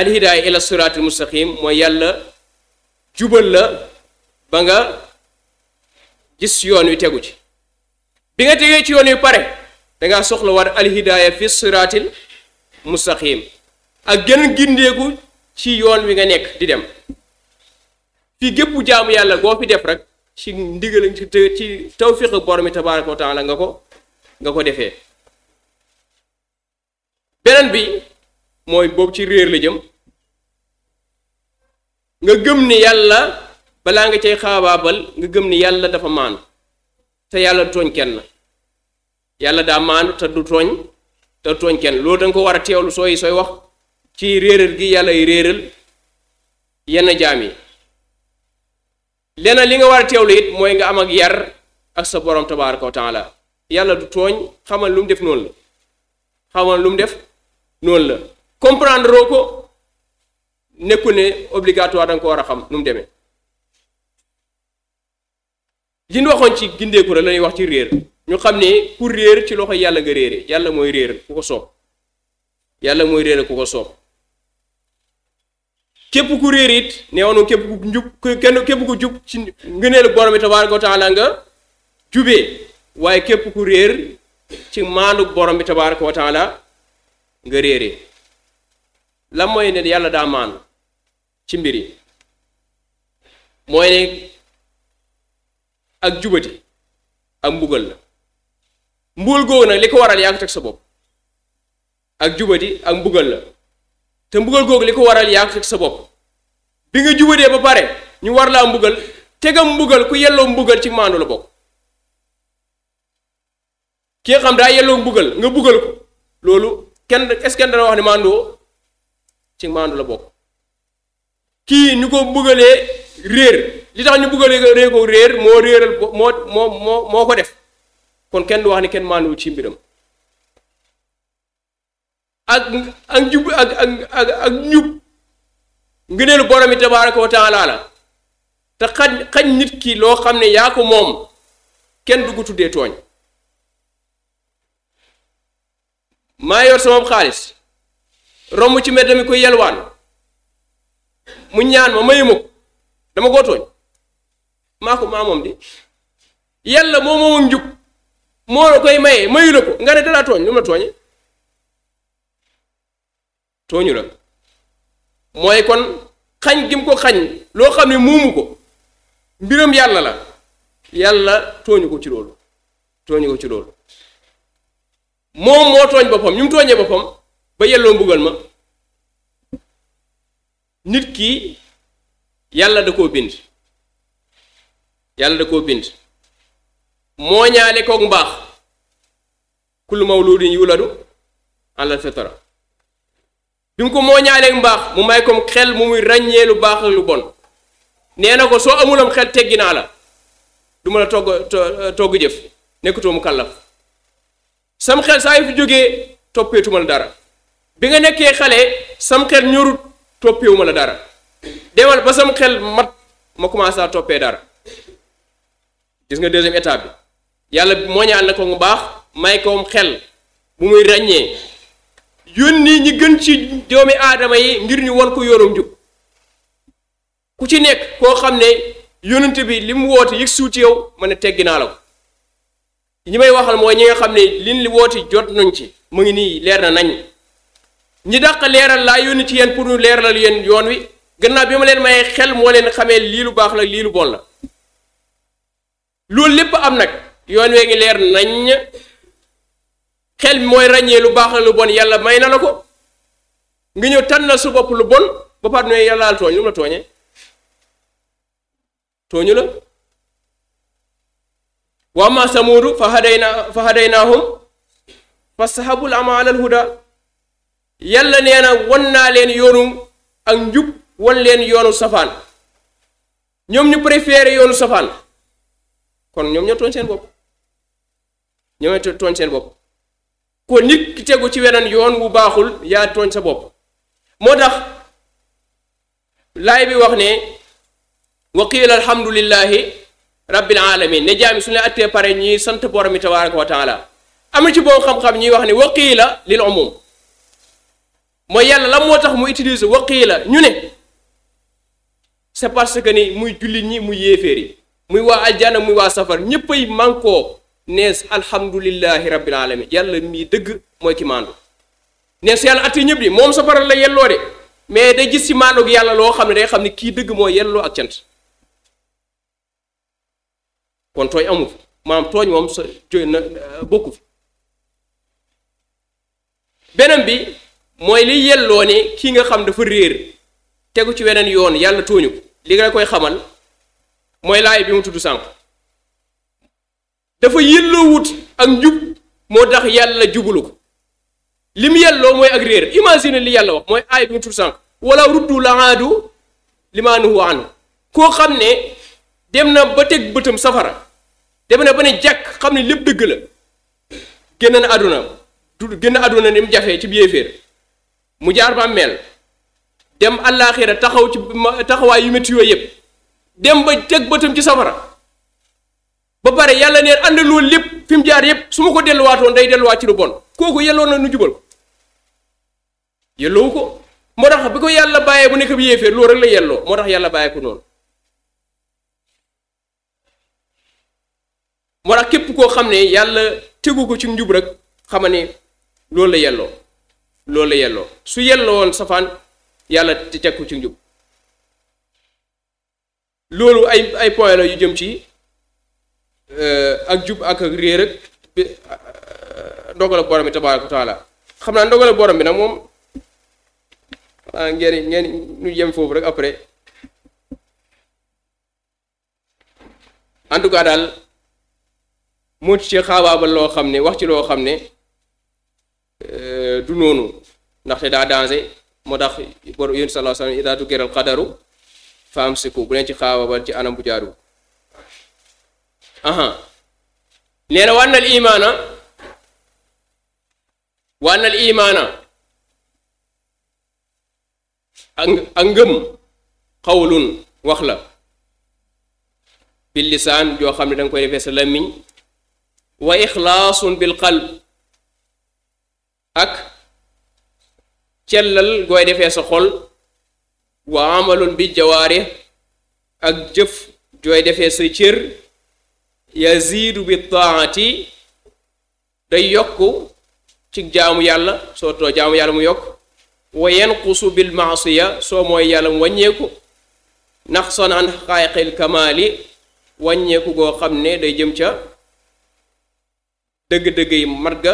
al hidaaya ila siraatil mustaqim mooy yàlla jubal la ba nga gis yoon wi tegu ci bi nga tegee ci yoon wi pare dangaa soxla war al hidaaya fi siraatil mustaqim ak gën gindeeku ci yoon wi nga nekk di dem fii gépp jaamu yàlla goo fi def rek ci ndigal ci tawfiq boromi tabaaraka wa taala nga ko nga ko defee beneen bi mooy boobu ci réer la jëm nga gëm ni yàlla balaa nga cay xaabaabal nga gëm ni yàlla dafa maandu te yàlla du tooñ kenn yàlla daa maandu te du tooñ te du tooñ kenn loolu danga ko war a teewlu sooy sooy wax ci réeral gi yàlla yi réeral yenn jaam yi leneen li nga war a teewlu it mooy nga am ak yar ak sa borom tabaaraka wa taala yàlla du tooñ xamal lu def noonu la xamal def noonu la comprendre roo ko nekku ne obligatoire da nga ko war a xam nu mu demee li waxoon ci gindeeku rek la ñuy wax ci réer ñu xam ne ku réer ci loxo yàlla nga réer yàlla mooy réer ku ko soob yàlla mooy réere ku ko soob képp ku réer it nee woon képp ku njub kenn képp ku jub ci ngëneelu borom bi tabaaraka wa taala nga jubee waaye képp ku réer ci maanug borom bi tabaraka wa taala nga réeree la mooy ne yàlla daa maanu ci mbir yi mooy ak jubati ak mbugal la mbul googu nag li ko waral yaa ko teg sa bopp ak jubati ak mbugal la te mbugal googu li ko waral yaa ko teg sa bopp bi nga jubadee ba pare ñu war laa mbugal tegam mbugal ku yelloo mbugal ci maandu la bokk ki xam daa yelloo mbugal nga bugal ko loolu kenn est-ce que dana wax ne mandoo ci mando la bokk kii ñu ko mbugalee réer li tax ñu mbugalee réer ko réer moo réeral moo ko def kon kenn du wax ni kenn mandoo ci mbiram ak ak njub ak ak ak ak njub ngëneelu borom yi tabaaraka wa te xaj xaj nit ki loo xam ne yaa ko moom kenn du tuddee tooñ maa yor sama xaalis romb ci mbedd mi koy yelwaan mu ñaan ma mayu ko dama koo tooñ maa ko maa moom di yàlla moo moomam njub moo koy maye mayu la ko nga ne dalaa tooñ lu ma tooñe tooñu la mooy kon xañ gim ko xañ loo xam ne muumu ko mbiram yàlla la yàlla tooñu ko ci loolu tooñu ko ci loolu moom moo tooñ boppam ñu mu tooñee boppam ba yelloo mbugal ma nit ki yàlla da koo bind yàlla da koo bind moo ñaale koog mbaax kullu mawludin yuladu alal fitra bi mu ko moo ñaaleeg mbaax mu may kom xel mu muy ràññee lu baax ak lu bon nee na ko soo amulam xel teggi naa la du ma la togg togg jëf nekkutoo mu kàllaf sam xel saa yu fi jógee toppeetuma la dara bi nga nekkee xale sam xel ñorut toppeewuma la dara demal ba sam xel mat ma commencé toppee dara gis nga deuxième étape bi yàlla mooñaal na ko mu baax may ko xel bu muy ràññee nii ñi gën ci doomi aadama yi ngir ñu won ko yoonam njub ku ci nekk koo xam ne yónnante bi li mu woote yëg suuti yow ma ne teggi naa la ko ñi may waxal mooy ñi nga xam ne liñ li woote jot nañ ci mu ngi nii leer na nañ ñi dàq leeral laa yónni ci yéen pour ñu leeralal yéen yoon wi gannaaw bi ma leen mayee xel moo leen xamee lii lu baax la lii lu loolu lépp am nag yoon wee ngi leer nañ xel mooy ràññee lu baax la lu bon yàlla may na la ko nga ñëw tànnal su bopp lu bon ba pare ne yàlla tooñ lu mu la tooñee tooñu la. wa amma samuudu fa hadayna fa hadaynaahum fastahabul ama alal huda yàlla nee na won naa leen yoonu ak njub won leen yoonu safaan ñoom ñu préféré yoonu safaan kon ñoom ñoo tooñ seen bopp ñoom ñoo tooñ seen bopp kon nit tegu ci weneen yoon wu baaxul yaa tooñ sa bopp moo tax laay bi wax ne wa qiila alhamdulillahi rabbil alamin ne jaami su ñu la attee pare ñuy sant borom bi tabaraka wa taala am na ci boobu xam-xam ñuy wax ni ne waqiila lil umum mooy yàlla la moo tax mu utilise la ñu ne c'est parce que ni muy jullit ñi muy yéeféer yi muy waa aljana muy waa safar ñëppay mànkoo nees alhamdulillahi rabbil alamin yàlla mii dëgg mooy ki maandu nees yàlla attee ñëpp di moom safara la yelloo de mais day gis si maandu gi yàlla loo xam ne day xam ni kii dëgg mooy yelloo ak cant kon tooñ amu fi tooñ moom sa euh, bokku beneen bi mooy li yelloo ni kii nga xam dafa réer tegu ci weneen yoon yàlla tooñu li nga koy xamal mooy laay bi mu tudd sànq dafa yelloo wut ak njub moo tax yàlla jubulu ko li yelloo mooy ak réer imagine li yàlla wax mooy aay bi mu tudd sànq wala ruddu la aadu li maa nuhu anhu koo xam ne dem na ba teg bëtam safara dem na ba ne jàkk xam ne lépp dëgg la génn na àdduna du génn àdduna ni mu jafee ci yéeféer mu jaar bàmmeel dem àllaaxira taxaw ci taxawaay yu métti yooyu yëpp dem ba teg bëtam ci safara ba pare yàlla neen ànd loolu lépp fi mu jaar yëpp su ma ko delluwaatoon day delluwaat ci lu bon kooku yelloo na nu jubal ko yelloo ko moo tax bi ko yàlla bàyyee bu nekk bi yéeféer loolu rek la yelloo moo tax yàlla bàyyee ko noonu moo tax képp koo xam ne yàlla tegu ko ci njub rek xama ne loolu la yelloo loolu la yelloo su yelloo woon safaan yàlla te teg ko ci njub loolu ay ay point la yu jëm ci euh, ak jub ak ak réer ak euh, ndogal borom bi tabaaraka wa xam naa ndogal borom bi nag moom ah ngeen ngeen ñu yem foofu rek après en daal. mu ci xaabaabal loo xam ne wax ci loo xam ne euh, du noonu ndaxte daa danger moo tax bor yéen sallallahu alayhi wa sallam idaa dukira al qadaru fa amsiku bu leen ci xaabaabal ci anam bu jaadu aha nee na wànnal imaana wànnal imaana ak ngëm xawlun wax la bil lisaan joo xam ne danga koy defee sa làmmiñ wa ixlaasun bil qalb ak cellal gooy defee sa xol wa amalun bi jawaare ak jëf jooy defee sa cër yaziidu bi taati day yokk ci jaamu yàlla soo too jaamu yàlla mu yokk wa yanqusu bil maasiya soo mooy yàlla mu wàññeeku naxsan an xaqaayiqil kamaali wàññeeku goo xam ne day jëm ca dëgg-dëgg yi mat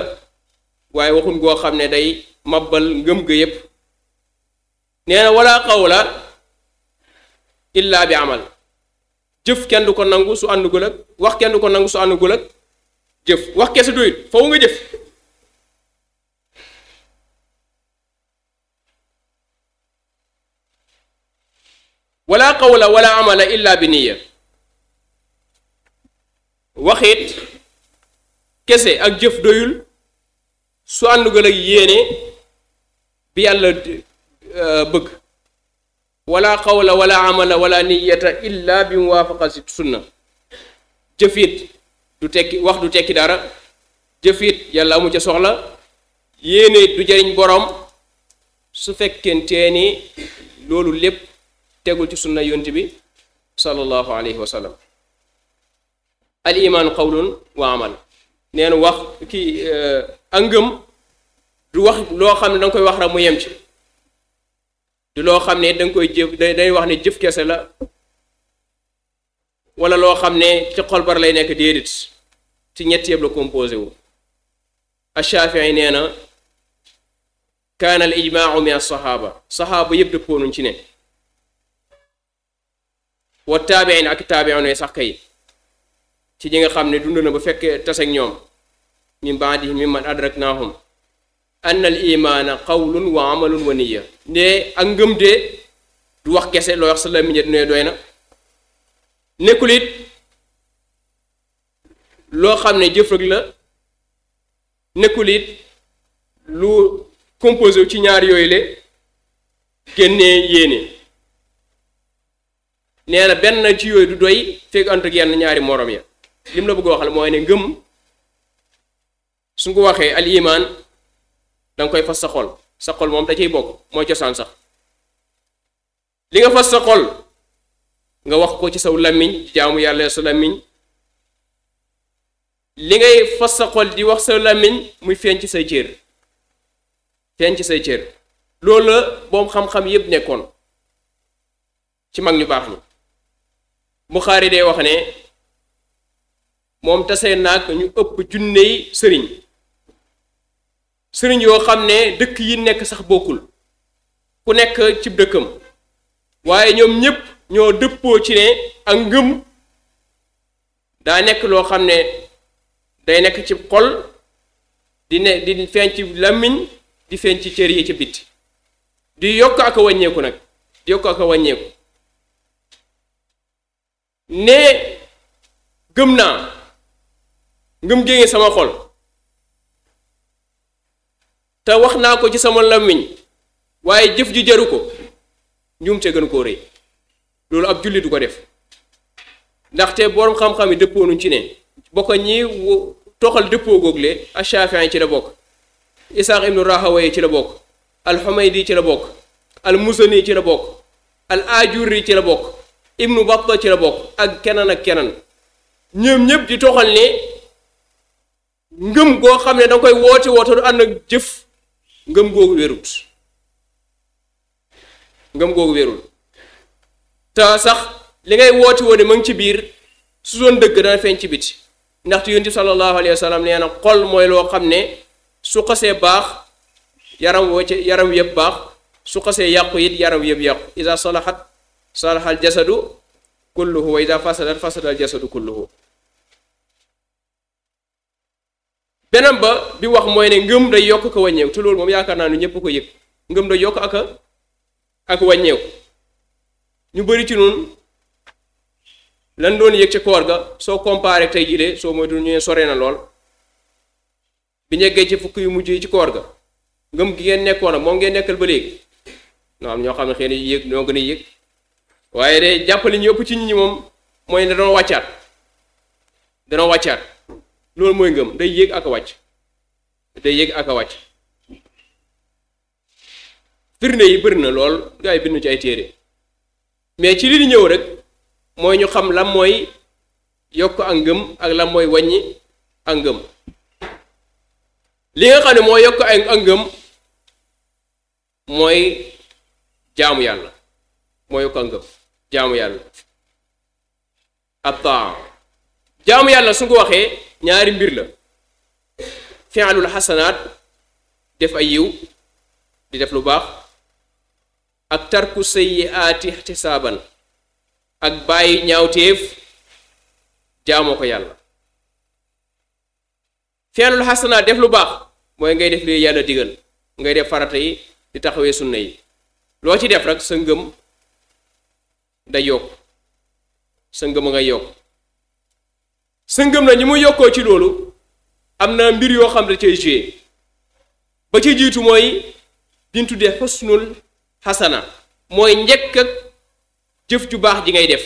waaye waxun goo xam ne day mabbal ngëm ga yépp nee na wala qawla illaa bi amal jëf kenn du ko nangu su àndugul ak ko nangu su àndugul ak jëf wax kese doyut foofu nga jëf wala qawla wala amala illaa bi niyya waxit kese ak jëf doyul su àndugul ak yéene bi yàlla euh, bëgg wala xawla wala amala wala niyata illa bi muwaafaqa si sunna jëf du tekki wax du tekki dara jëfit it yàlla amu ca soxla yéene it du jariñ boroom su fekkentee ni loolu lépp tegul ci sunna yont bi sallallahu alayhi wa al imaanu qawlun wa amal nee wax kii euh, ak ngëm du wax loo xam ne dang koy wax rek mu yem ci du loo xam ne da nga koy jëf day wax ne jëf kese la wala loo xam ne ci xol bar lay nekk déedéet ci ñett yëpp la composé wu Ashafii nee na kaana al ijmaau min as-sahaaba sahaaba yëpp dëppoonuñ ci ne wa taabiin ak taabiin sax kay ci ñi nga xam ne dund na ba fekkee tas ak ñoom min baadihim mimman adraknaahum anna al imaana qawlun wa amalun wa niyya ne ak ngëm de du wax kese loo wax sa làmmiñ ne doy na nekkul it loo xam ne jëf rek la nekkul it lu composé wu ci ñaar yooyu le génnee yéene nee na benn ci yooyu du doy fekk ànd ak yenn ñaari morom ya lim la bëgg waxal mooy ne ngëm suñ ko waxee al iman danga koy fas sa xol sa xol moom da ciy bokk mooy cosaan sax li nga fas sa xol nga wax ko ci saw làmmiñ jaamu yàlla sa làmmiñ li ngay fas sa xol di wax sa làmmiñ muy feeñ ci say cër feeñ ci say cër loolu la boom xam-xam yépp nekkoon ci mag ñu baax ñi Buxaari day wax ne moom tase naag ñu ëpp junney sëriñ sëriñ yoo xam ne dëkk yi nekk sax bokkul ku nekk ci dëkkam waaye ñoom ñépp ñoo dëppoo ci ne ak ngëm daa nekk loo xam ne day nekk ci xol di ne di feeñ ci làmmiñ di feeñ ci cër yi ci bit di yokk ak wàññeeku nag di yokk ak wàññeeku ne gëm naa ngëm génne sama xol te wax naa ko ci sama làmmiñ waaye jëf ji jaru ko njuumte gën ko rëy loolu ab julli du ko def ndaxte boroom xam-xam yi dëppoo nuñ ci ne bokk ñi toxal dëppoo google Ashaafi'i ci la bokk Isaaq ibnu Rahawayh ci la bokk Al-Humaydi ci la bokk Al-Muzani ci la bokk Al-Ajuri ci la bokk Ibnu Batta ci la bokk ak keneen ak keneen ñoom ñëpp di toxal ne ngëm goo xam ne da koy woote woote du ànd ak jëf ngëm googu wérut ngëm googu wérul te sax li ngay woote woo ne ma ngi ci biir su doon dëgg dana feeñ ci biti ndaxte yonent bi sallallahu alayhi wa sallam nee na xol mooy loo xam ne su xasee baax yaram woo ci yaram yëpp baax su xasee yàqu it yaram yëpp yàqu iza salahat salaha al jasadu kulluhu wa iza fasadat fasada al jasadu kulluhu beneen ba bi wax mooy ne ngëm day yokk ko wàññeeku te loolu moom yaakaar naa ne ñëpp ko ngëm day yokk ak ak ñu bëri ci noonu lan doon yëg ca koor ga soo comparé tey jii de soo moytu ñu ne sore na lool bi ñeggee ci fukk yu mujj yi ci koor ga ngëm gi ngeen nekkoon ak moom ngeen nekkal ba léegi no ñoo xam ne xëy na yëg ñoo gën a yëg waaye de jàppale ñu ëpp ci ñi moom mooy ne danoo wàccaat danoo wàccaat. loolu mooy ngëm day yéeg ak a wàcc day yéeg ak a wàcc firnde yi bëri na lool gaa yi bind ci ay téere mais ci li di ñëw rek mooy ñu xam lan mooy yokk ak ngëm ak lan mooy wàññi ak ngëm li nga xam ne moo yokk ay ak ngëm mooy jaamu yàlla mooy yokk ak ngëm jaamu yàlla attaa jaamu yàlla su ko waxee ñaari mbir la fi'lul xasanaat def ay yiw di def lu baax ak tarku aati sayyi'aati ihtisaaban ak bàyyi ñaawteef jaamoo ko yàlla fi'lul xasanaat def lu baax mooy ngay def li yàlla digal ngay def farata yi di taxawee sunna yi loo ci def rek sa ngëm da yokk sa ngëm a nga yokk sa na ñi mu yokkoo ci loolu am na mbir yoo xam ne cay joué ba ca jiitu mooy diñ tuddee xusnul xasana mooy njëkk ak jëf ju baax ji ngay def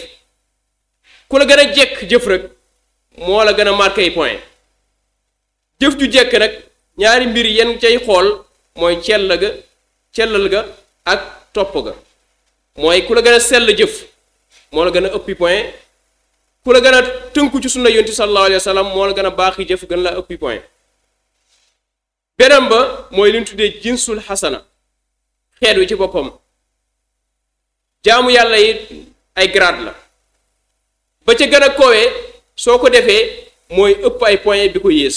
ku la gën a jekk jëf rek moo la gën a marqué point jëf ju jekk nag ñaari mbir yenn cay xool mooy cell ga cellal ga ak topp ga mooy ku la gën a sell jëf moo la gën a ëppi point ku la gën a tënku ci sunna yonti sallallahu alayhi wa moo gën a baax yi jëf gën la ëppi point beneen ba mooy li tuddee jinsul xasana xeet wi ci boppam jaamu yàlla yi ay grade la ba ca gën a koowee soo ko defee mooy ëpp ay point bi ko yées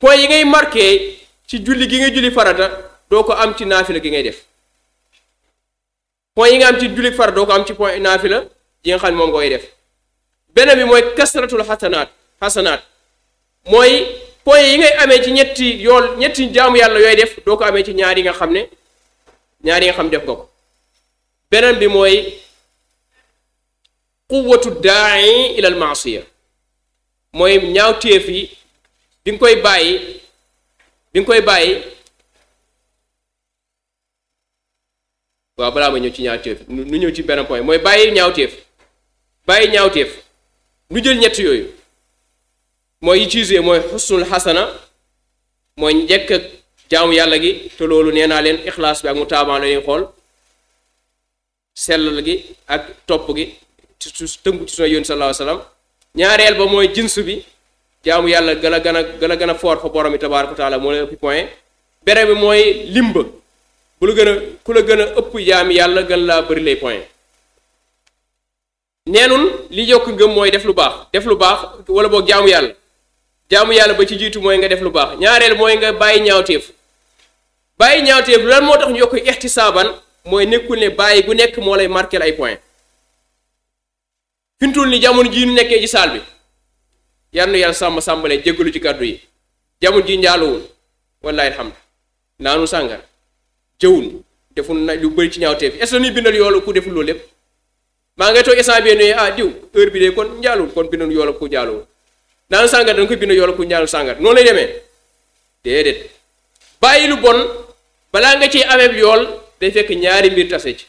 point yi ngay marke ci julli gi nga julli farata doo ko am ci naafila gi ngay def point yi nga am ci julli farata doo ko am ci point naafila yi nga xam ne moom nga koy def beneen bi mooy kasratul xasanaat xasanaat mooy point yi ngay amee ci ñetti yool ñetti jaamu yàlla yooy def doo ko amee ci ñaar yi nga xam ne ñaari yi nga xam def nga ko beneen bi mooy quwatu daai ila al maasiya mooy ñaawteef yi bi nga koy bàyyi bi nga koy bàyyi waaw balaa ma ñëw ci ñaawteef nu ñëw ci beneen point mooy bàyyi ñaaw ñaawteef bàyyi ñaawteef du jël ñetti yooyu mooy yi mooy xusnul xasana mooy njëkk ak jaamu yàlla gi te loolu nee naa leen ixlaas bi ak mu taabaan la xool sellal gi ak topp gi ci su tënku yoon sallallahu alayhi ñaareel ba mooy jins bi jaamu yàlla gën a gën a gën a gën a foor fa borom bi tabaaraka wa taala moo la ëpp point bere bi mooy limba bu la gën a ku la gën a ëpp jaami yàlla gën laa bëri lay point neenun li yokk ngëm mooy def lu baax def lu baax wala boog jaamu yàlla jaamu yàlla ba ci jiitu mooy nga def lu baax ñaareel mooy nga bàyyi ñaaw ñaawteef bàyyi ñaawteef lan moo tax ñu yokk ixtisaaban mooy nekkul ne bàyyi gu nekk moo lay marqué ay point fintul ni jamono jii nu nekkee ci saal bi yal na yàlla sàmm sàmbalee jéggalu ci kàddu yi jamono ji njaaluwul wallaahi alhamdu naanu sàngar jëwul deful na lu bëri ci ñaawteef est-ce que ñuy bindal ku deful loolu lépp maa ngay toog instant bi ne ah diw heure bi de kon njaalul kon bindoon yool ku njaalul naan sàngar dañ ko bind yool ku njaalul sàngar noonu lay demee déedéet bàyyi lu bon balaa nga ci amee yool day fekk ñaari mbir tase ci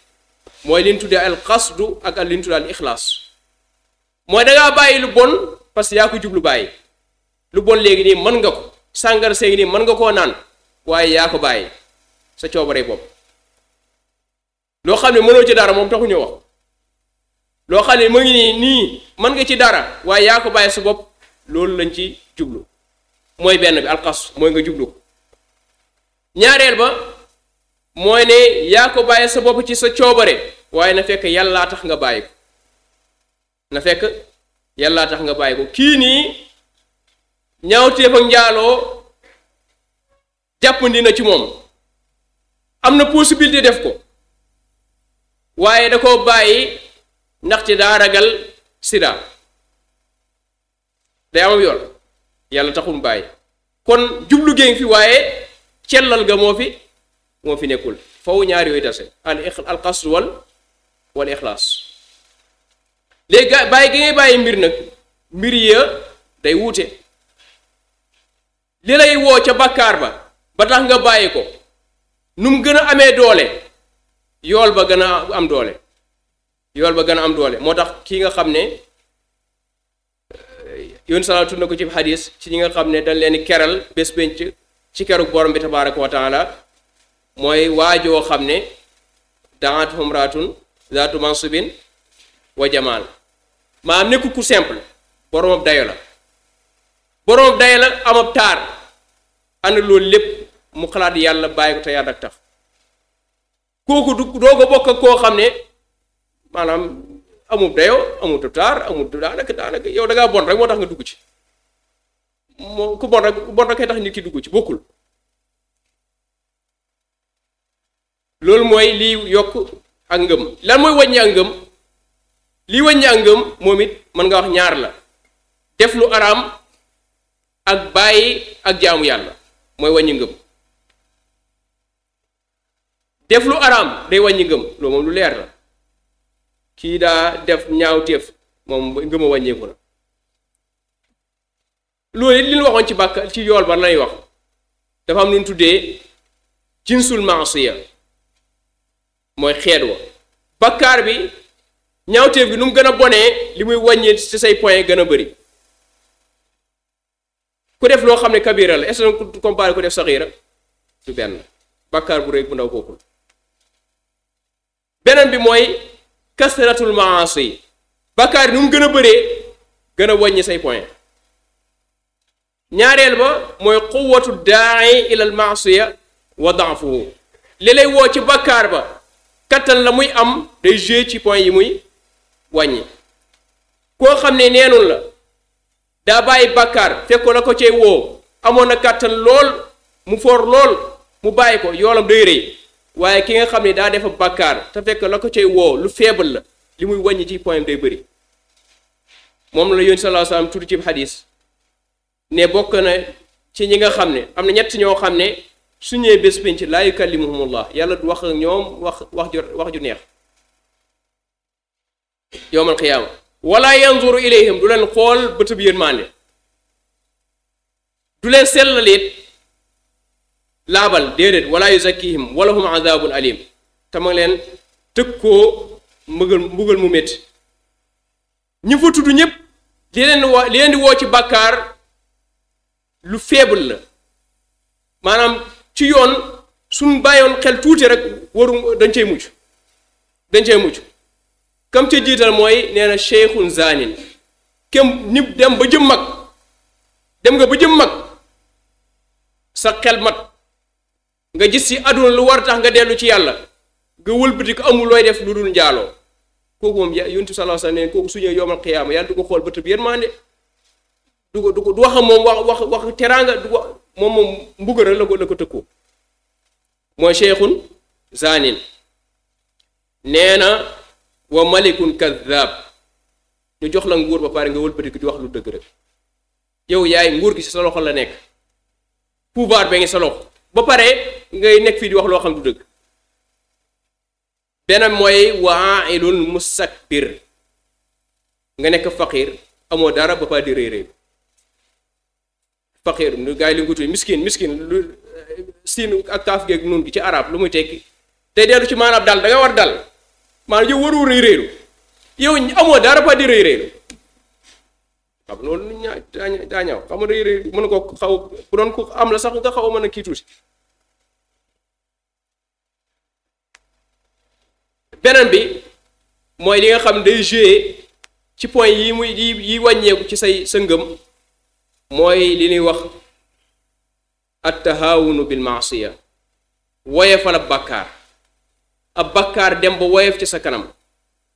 mooy li ñu tuddee al xasdu ak al li ñu tuddee al ixlaas mooy dangaa bàyyi lu bon parce que yaa ko jublu bàyyi lu bon léegi nii mën nga ko sàngar seegi nii mën nga koo naan waaye yaa ko bàyyi sa coobaree bopp loo xam ne mënoo ci dara moom taxu taxuñu wax loo xam ne mu ngi nii mën nga ci dara waaye yaa ko bàyyi sa bopp loolu lañ ci jublu mooy benn bi alxas mooy nga jublu ko ñaareel ba mooy ne yaa ko bàyyi sa bopp ci sa coobare waaye na fekk yàllaa tax nga bàyyi ko na fekk yàllaa tax nga bàyyi ko kii nii ñaawteef ak njaaloo jàppandi ci moom am na possibilité def ko waaye da koo bàyyi ndaxte daa ragal sida day amam yoon yàlla taxum bàyyi kon jublu géen fi waaye cellal ga moo fi moo fi nekkul faw ñaar yooyu tase al al qasdu wal wal bàyyi gi ngay bàyyi mbir nag mbir ya day wuute li lay woo ca bàkkaar ba ba tax nga bàyyi ko nu mu gën a amee doole yool ba gën a am doole yool ba gën a am doole moo tax kii nga xam ne yoon salaatu na ko ci xadis ci ñi nga xam ne dañ leen di keral bés penc ci kerug borom bi tabaraka wa la mooy waajoo xam ne daat humratun zaatu mansubin wa jamaal maanaam nekku ku simple boromab dayo la boromab dayo la amab taar ana loolu lépp mu xalaat yàlla bàyyi ko te yàlla ak tax kooku doo ko bokk koo xam ne maanaam amul dayoo amul taar amul daanaka daanaka yow da ngaa bon rek moo tax nga dugg ci moo ku bon rek ku bon rek tax nit ki dugg ci bokkul loolu mooy liy yokk ak ngëm lan mooy wàññi ak ngëm liy wàññi ak ngëm moom it mën nga wax ñaar la def lu araam ak bàyyi ak jaamu yàlla mooy wàññi ngëm def lu araam day wàññi ngëm loolu moom lu leer la kii daa def ñaawteef moom ngëm a wàññeeku na loolu it li ñu waxoon ci bàkk ci yool ba lay wax dafa am lu ñu tuddee jinsul maasiya mooy xeet wa bakkaar bi ñaawteef bi nu mu gën a bonee li muy wàññee si say point gën a bëri ku def loo xam ne kabira la est-ce que comparé ku def saxiira du benn bakkaar bu rëy bu ndaw bokkul beneen bi mooy kasratul maasi bakkaar nu mu gën a bëree gën a wàññi say point ñaareel ba mooy quwatu daai ila al maasiya wa daafuhu li lay woo ci bakkaar ba kattan la muy am day joué ci point yi muy wàññi koo xam ne neenu la daa bàyyi bakkaar fekko la ko cay woo amoon na kàttan lool mu for lool mu bàyyi ko yoolam day rëy waaye ki nga xam ni daa def bàkkaar te fekk la ko cay woo lu feebal la li muy wàññi ci point day bëri moom la yónni sallallahu alayhi wasallam tudd ci xadis ne bokk na ci ñi nga xam ne am na ñett ñoo xam ne su ñëwee bés penc laa yukallimuhumullah yàlla du wax ak ñoom wax wax ju wax ju neex yowmal qiyaama wala yanzuru ilayhim du leen xool bëtëb yërmande du leen sellal laabal déedéet wala yuzakkihim wala hum azabun alim te ma leen tëg koo mbugal mbugal mu métti ñu fa tudd ñépp li leen woo di woo ci bàkkaar lu faible la maanaam ci yoon suñ bayoon xel tuuti rek waru dañ cey mujj dañ cey mucc kam ci jiital mooy neena na cheikhun zanin kem dem ba jëm mag dem nga ba jëm mag sa xel mat nga gis ci àdduna lu war tax nga dellu ci yàlla nga wëlbati ko amul looy def lu dul njaaloo kooku moom yontu sallallahu alayhi wasallam su ñëwee yoomal du ko xool bët bi ko du ko du wax moom wax la ko la ko tëkkoo mooy na wa malikun jox la nguur ba pare nga wëlbati ko wax lu dëgg yaay nguur gi sa loxo la nekk pouvoir ba ngi sa loxo ba pare ngay nekk fii di wax loo xam du dëgg beneen mooy waa ilun mustakbir nga nekk faqiir amoo dara ba pare di rëy rëy faqiir nu gars yi li nga ko miskin miskin lu siin ak kaaf geeg nun ci arab lu muy tekki tey dellu ci maanaam dal da war dal maanaam yow warul rëy rëylu yow amoo dara ba di rëy rëylu xam loolu daa ñaaw xam rëy rëy mën na ko xaw bu doon ko am la sax nga xaw a mën a kiitu tuuti beneen bi mooy li nga xam day joué ci point yi muy yi yi wàññeeku ci say sa ngëm mooy li nuy wax at tahawunu bil maasiya woyefal ab bàkkaar ab bàkkaar dem ba woyef ci sa kanam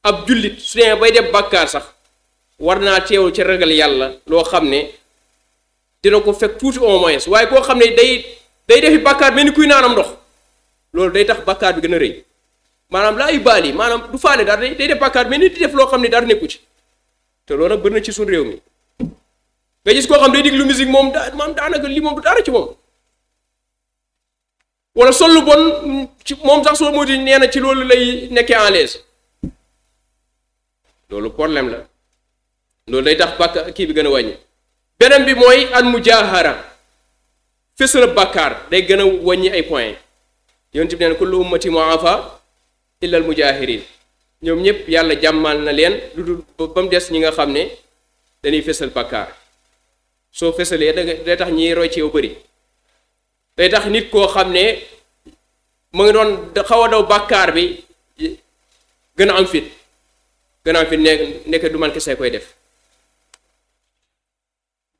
ab jullit su dee bay def bàkkaar sax war naa teewul ci ragal yàlla loo xam ne dina ko fekk tuuti au moins waaye koo xam ne day day defi bàkkaar mel ni kuy naanam ndox loolu day tax bàkkaar bi gën a rëy maanaam laa yi maanaam du faale dara day def bàkkaar mais nit def loo xam ne dara nekku ci te lool nag bëri na ci suñu réew mi nga gis koo xam day diglu musique moom daa maam daanaka li moom du dara ci moom wala sol lu bon ci moom sax soo moytuwul nee na ci loolu lay nekkee en l'aise loolu problème la loolu day tax bàkkaar kii bi gën a wàññi beneen bi mooy al mujaahara fésal bàkkaar day gën a wàññi ay point yonent bi nee na kullu ummati muafa illal mujaahirin ñoom ñëpp yàlla jàmmal na leen lu dul ba mu des ñi nga xam ne dañuy fësal bàkkaar soo fësalee da day tax ñiy roy ci yow bari day tax nit koo xam ne mu ngi doon xaw a daw bàkkaar bi gën a am fit gën a am fit nekk du man kese koy def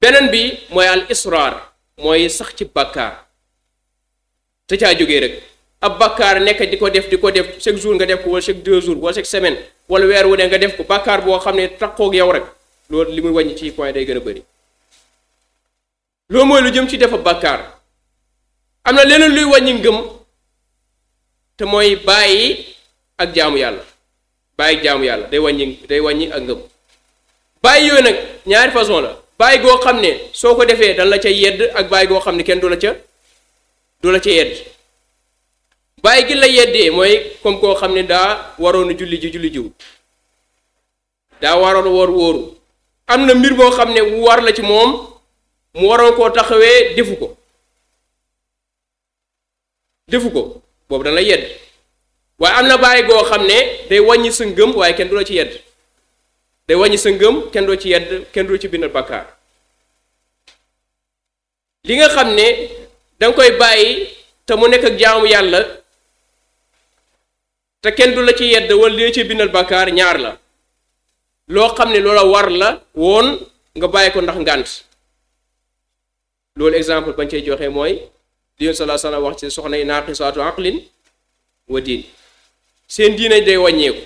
beneen bi mooy al israar mooy sax ci bàkkaar te caa jógee rek ab bàkkaar nekk di ko def di ko def chaque jour nga def ko wala chaque deux jours wala chaque semaine wala weer wu ne nga def ko bàkkaar boo xam ne kook yow rek loolu li muy wàññi ci point day gën a bëri loolu mooy lu jëm ci def ab bàkkaar am na leneen luy wàññi ngëm te mooy bàyyi ak jaamu yàlla bàyyi ak jaamu yàlla day wàññi day wàññi ak ngëm bàyyi yooyu nag ñaari façon la bàyyi goo xam ne soo ko defee dan la ca yedd ak bàyyi goo xam ne kenn du ca du la ca yedd bàyyi gi la yeddee mooy comme koo xam ne daa waroon julli ji julli jiw daa waroon woor wóoru am na mbir boo xam ne war la ci moom mu waroon koo taxawee defu ko defu ko boobu dana yedd waaye am na bàyyi goo xam ne day wàññi sa ngëm waaye kenn du la ci yedd day wàññi sa ngëm kenn doo ci yedd kenn doo ci bind bakkaar li nga xam ne danga koy bàyyi te mu nekk ak jaamu yàlla te kenn du la ci yedd wala lee ci bindal bàkkaar ñaar la loo xam ne loola war la woon nga bàyyi ko ndax ngànt loolu exemple bañ cey joxe mooy diin sala sala wax ci soxna yi naaqisaatu aqlin wa diin seen diine day wàññeeku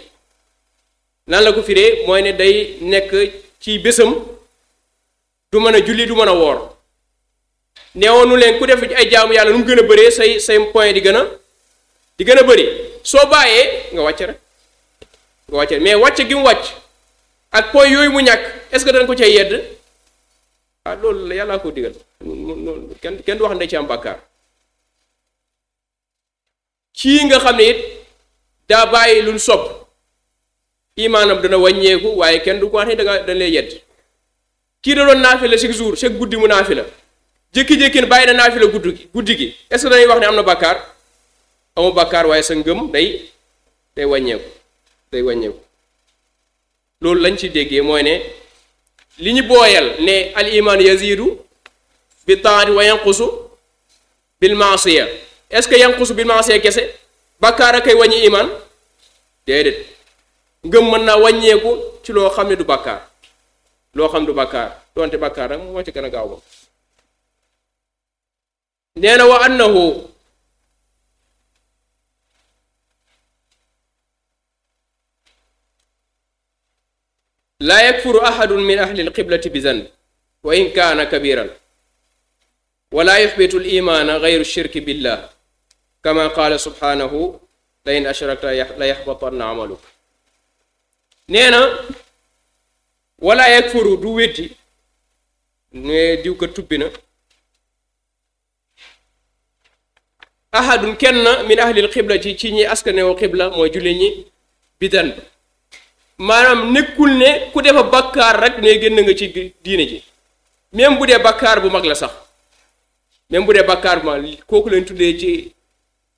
nan la ko firee mooy ne day nekk ci bésam du mën a julli du mën a woor neewoonu leen ku def ay jaamu yàlla nu mu gën a bëree say say point di gën a di gën a bëri soo bàyyee nga wàcc rek nga wàcc rek mais wàcc gi mu wàcc ak point yooyu mu ñàkk est-ce que dañ ko cay yedd ah loolu la yàllaa ko digal kenn kenn du wax ne ci am bàkkaar ci nga xam ne it daa bàyyi luñ sopp imaanam dana wàññeeku waaye kenn du ko wax ne danga dañ lay yedd kii da doon naafila chaque jour chaque guddi mu naafila jékki-jékki bàyyi na naafila guddi gi guddi gi est-ce wax ne am na bàkkaar amu bàkkaar waaye sa ngëm day day wàññeeku day wàññeeku loolu lañ ci déggee mooy ne li ñu booyal ne al iman yazidu bi taati wa yanqusu bil maasiya est-ce que yanqusu bil maasiya kese bàkkaar a koy wàññi iman déedéet ngëm mën naa wàññeeku ci loo xam ne du bàkkaar loo xam du bàkkaar doonte bàkkaar rek moo ci gën a gaaw ba nee na wa laa yakfuru ahadun min ahli alqiblati bi zanb wa in kaana kabiran wala yuxbitu limaana gayru shirki billah kama qaala subhaanahu la in ashrakta la yaxbatanna amaluk nee na wala yakfuru du weddi ne diw ko tubbi na ahadun kenn min ahlil xibla ci ci ñi askanewoo xibla mooy julli ñi bidan ba maanaam nekkul ne ku defa bàkkaar rek ne génn nga ci diine ji même bu dee bàkkaar bu mag la sax même bu dee bàkkaar bu mag kooku leen tuddee ci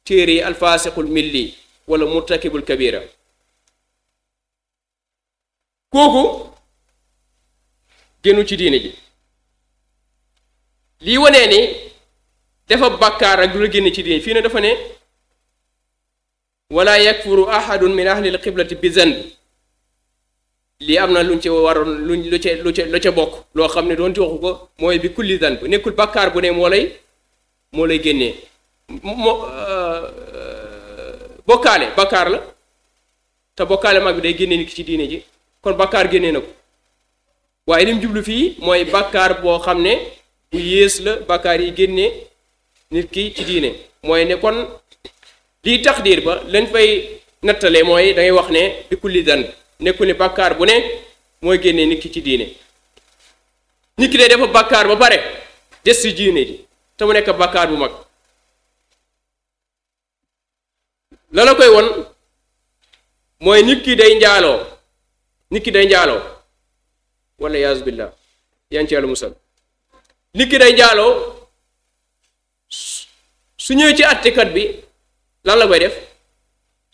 téere yi alfaasiqul milli wala murtakibul kabira kooku génnu ci diine ji lii wanee ni defa bàkkaar ak du la génn ci diine fii ne dafa ne wala yakfuru ahadun min ahli alqiblati bi zanbi lii am na luñ ci waroon luñ lu ca lu ca lu ca bokk loo xam ne doon ci waxu ko mooy bi kulli dan bu nekkul bàkkaar bu ne moo lay moo lay génnee euh, bokkaale bàkkaar la te bokkaale mag bi day génnee nit ki ci diine ji kon bàkkaar génnee na ko waaye li jublu fii mooy bàkkaar boo xam ne yées la bàkkaar yi génnee nit ki ci diine mooy ne kon lii taxdiir ba lañ fay nattale mooy dangay wax ne bi kulli dan nekkul ne bàkkaar bu ne mooy génnee nit ci diine nit ki day def bakkaar ba pare des ci diine ji te mu nekk bàkkaar bu mag la la koy won mooy nit ki day njaaloo nit ki day njaaloo wala yaasu billah yan ci yàlla musal nit day njaaloo su ñëwee ci attikat bi lan la koy def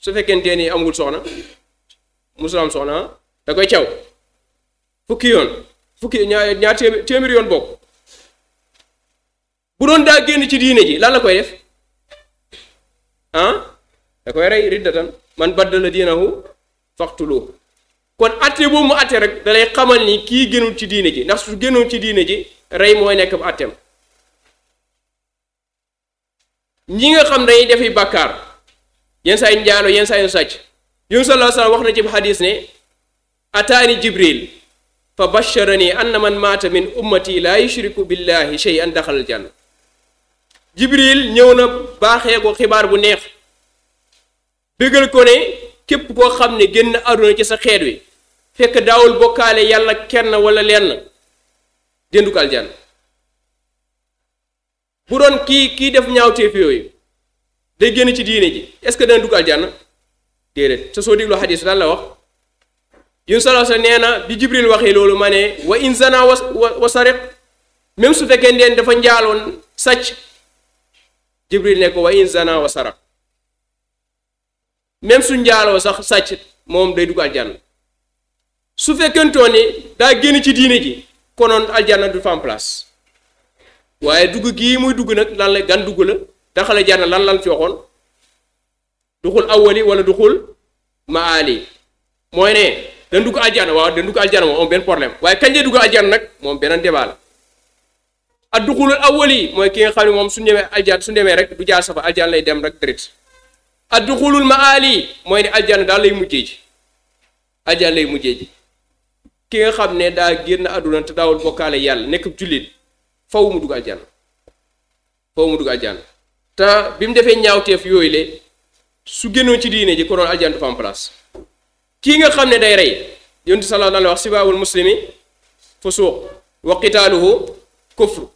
su fekkente ni amul soxna musul soxna da koy caw fukki yoon fukki ñaar ñaar téeméer yoon bokk bu doon daa génn ci diine ji lan la koy def ah da koy rey riddatan man baddala diinahu faqtuluhu kon atte boobu mu atte rek dalay xamal ni kii génnul ci diine ji ndax su génnoon ci diine ji rey mooy nekk bu atteem ñi nga xam dañuy defi bàkkaar yenn saa yi njaalo yenn saa yi sàcc yonent sallallahu alayhi wax na ci xadis ne ataani jibril fa basharani anna man maata min ummati laa yushriku billahi shay'an daxalal janna jibril ñëw na baaxee ko xibaar bu neex bégal ko ne képp koo xam ne génn àdduna ci sa xeet wi fekk daawul bokkaale yàlla kenn wala lenn déndu ko aljanna bu doon kii kii def ñaaw ñaawteef yooyu da génn ci diine ji est-ce que dana dugg déedéet te soo déglu xadis lan la wax yun sala sa nee na bi jibril waxee loolu ma ne wa in zana wa wa sariq même su fekkee ndeen dafa njaaloon sàcc jibril ne ko wa wa sariq même su njaaloo sax sàcc moom day dugg aljanna su fekkentoon ni daa génn ci diine ji konoon aljanna du fa waaye dugg gii muy dugg nag lan la gan dugg la daxale janna lan lan fi duxul awali wala duxul ali mooy ne dañ dugg aljana waaw dañ dugg aljana moom benn problème waaye kañ lay dugg aljana nag moom beneen mooy ki nga xam ne moom su demee aljana su demee rek du jaar safa aljana lay dem rek direct ak duxulul maali mooy ne aljana daal lay mujjee ji aljana lay mujjee ji ki nga xam ne daa génn àdduna te daawul bokkaale yàlla nekk jullit faw mu dugg aljana faw mu dugg aljana te bi mu defee ñaawteef yooyu le su génnoon ci diine ji konoon aljana du place kii nga xam ne day rey yontu sallallahu alayhi wax sibaabul muslimi fusuuq wa qitaaluhu kufru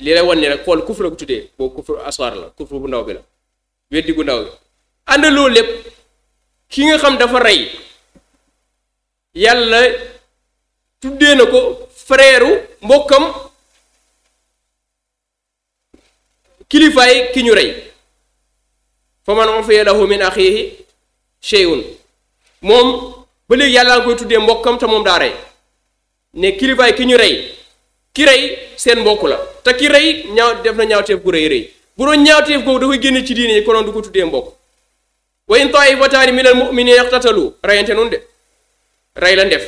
li lay wan ne rek xool kufru la ko tuddee boobu kufru aswar la kufru bu ndaw bi la weddi bu ndaw bi ànd loolu lépp kii nga xam dafa rey yàlla tuddee na ko frèeru mbokkam kilifaay ki ñu rey fa man ufiya lahu a axiihi shay'un moom ba léegi yàlla nga koy tuddee mbokkam te moom daa rey ne kilifaay ki ñu rey ki rey seen mbokk la te ki rey ñaaw def na ñaawteef bu rëy rëy bu doon ñaawteef googu da koy ci diine yi konoon ko tuddee mbokk wa in taa'ifataani minal mu'miniina iqtatalu reyante rey lan def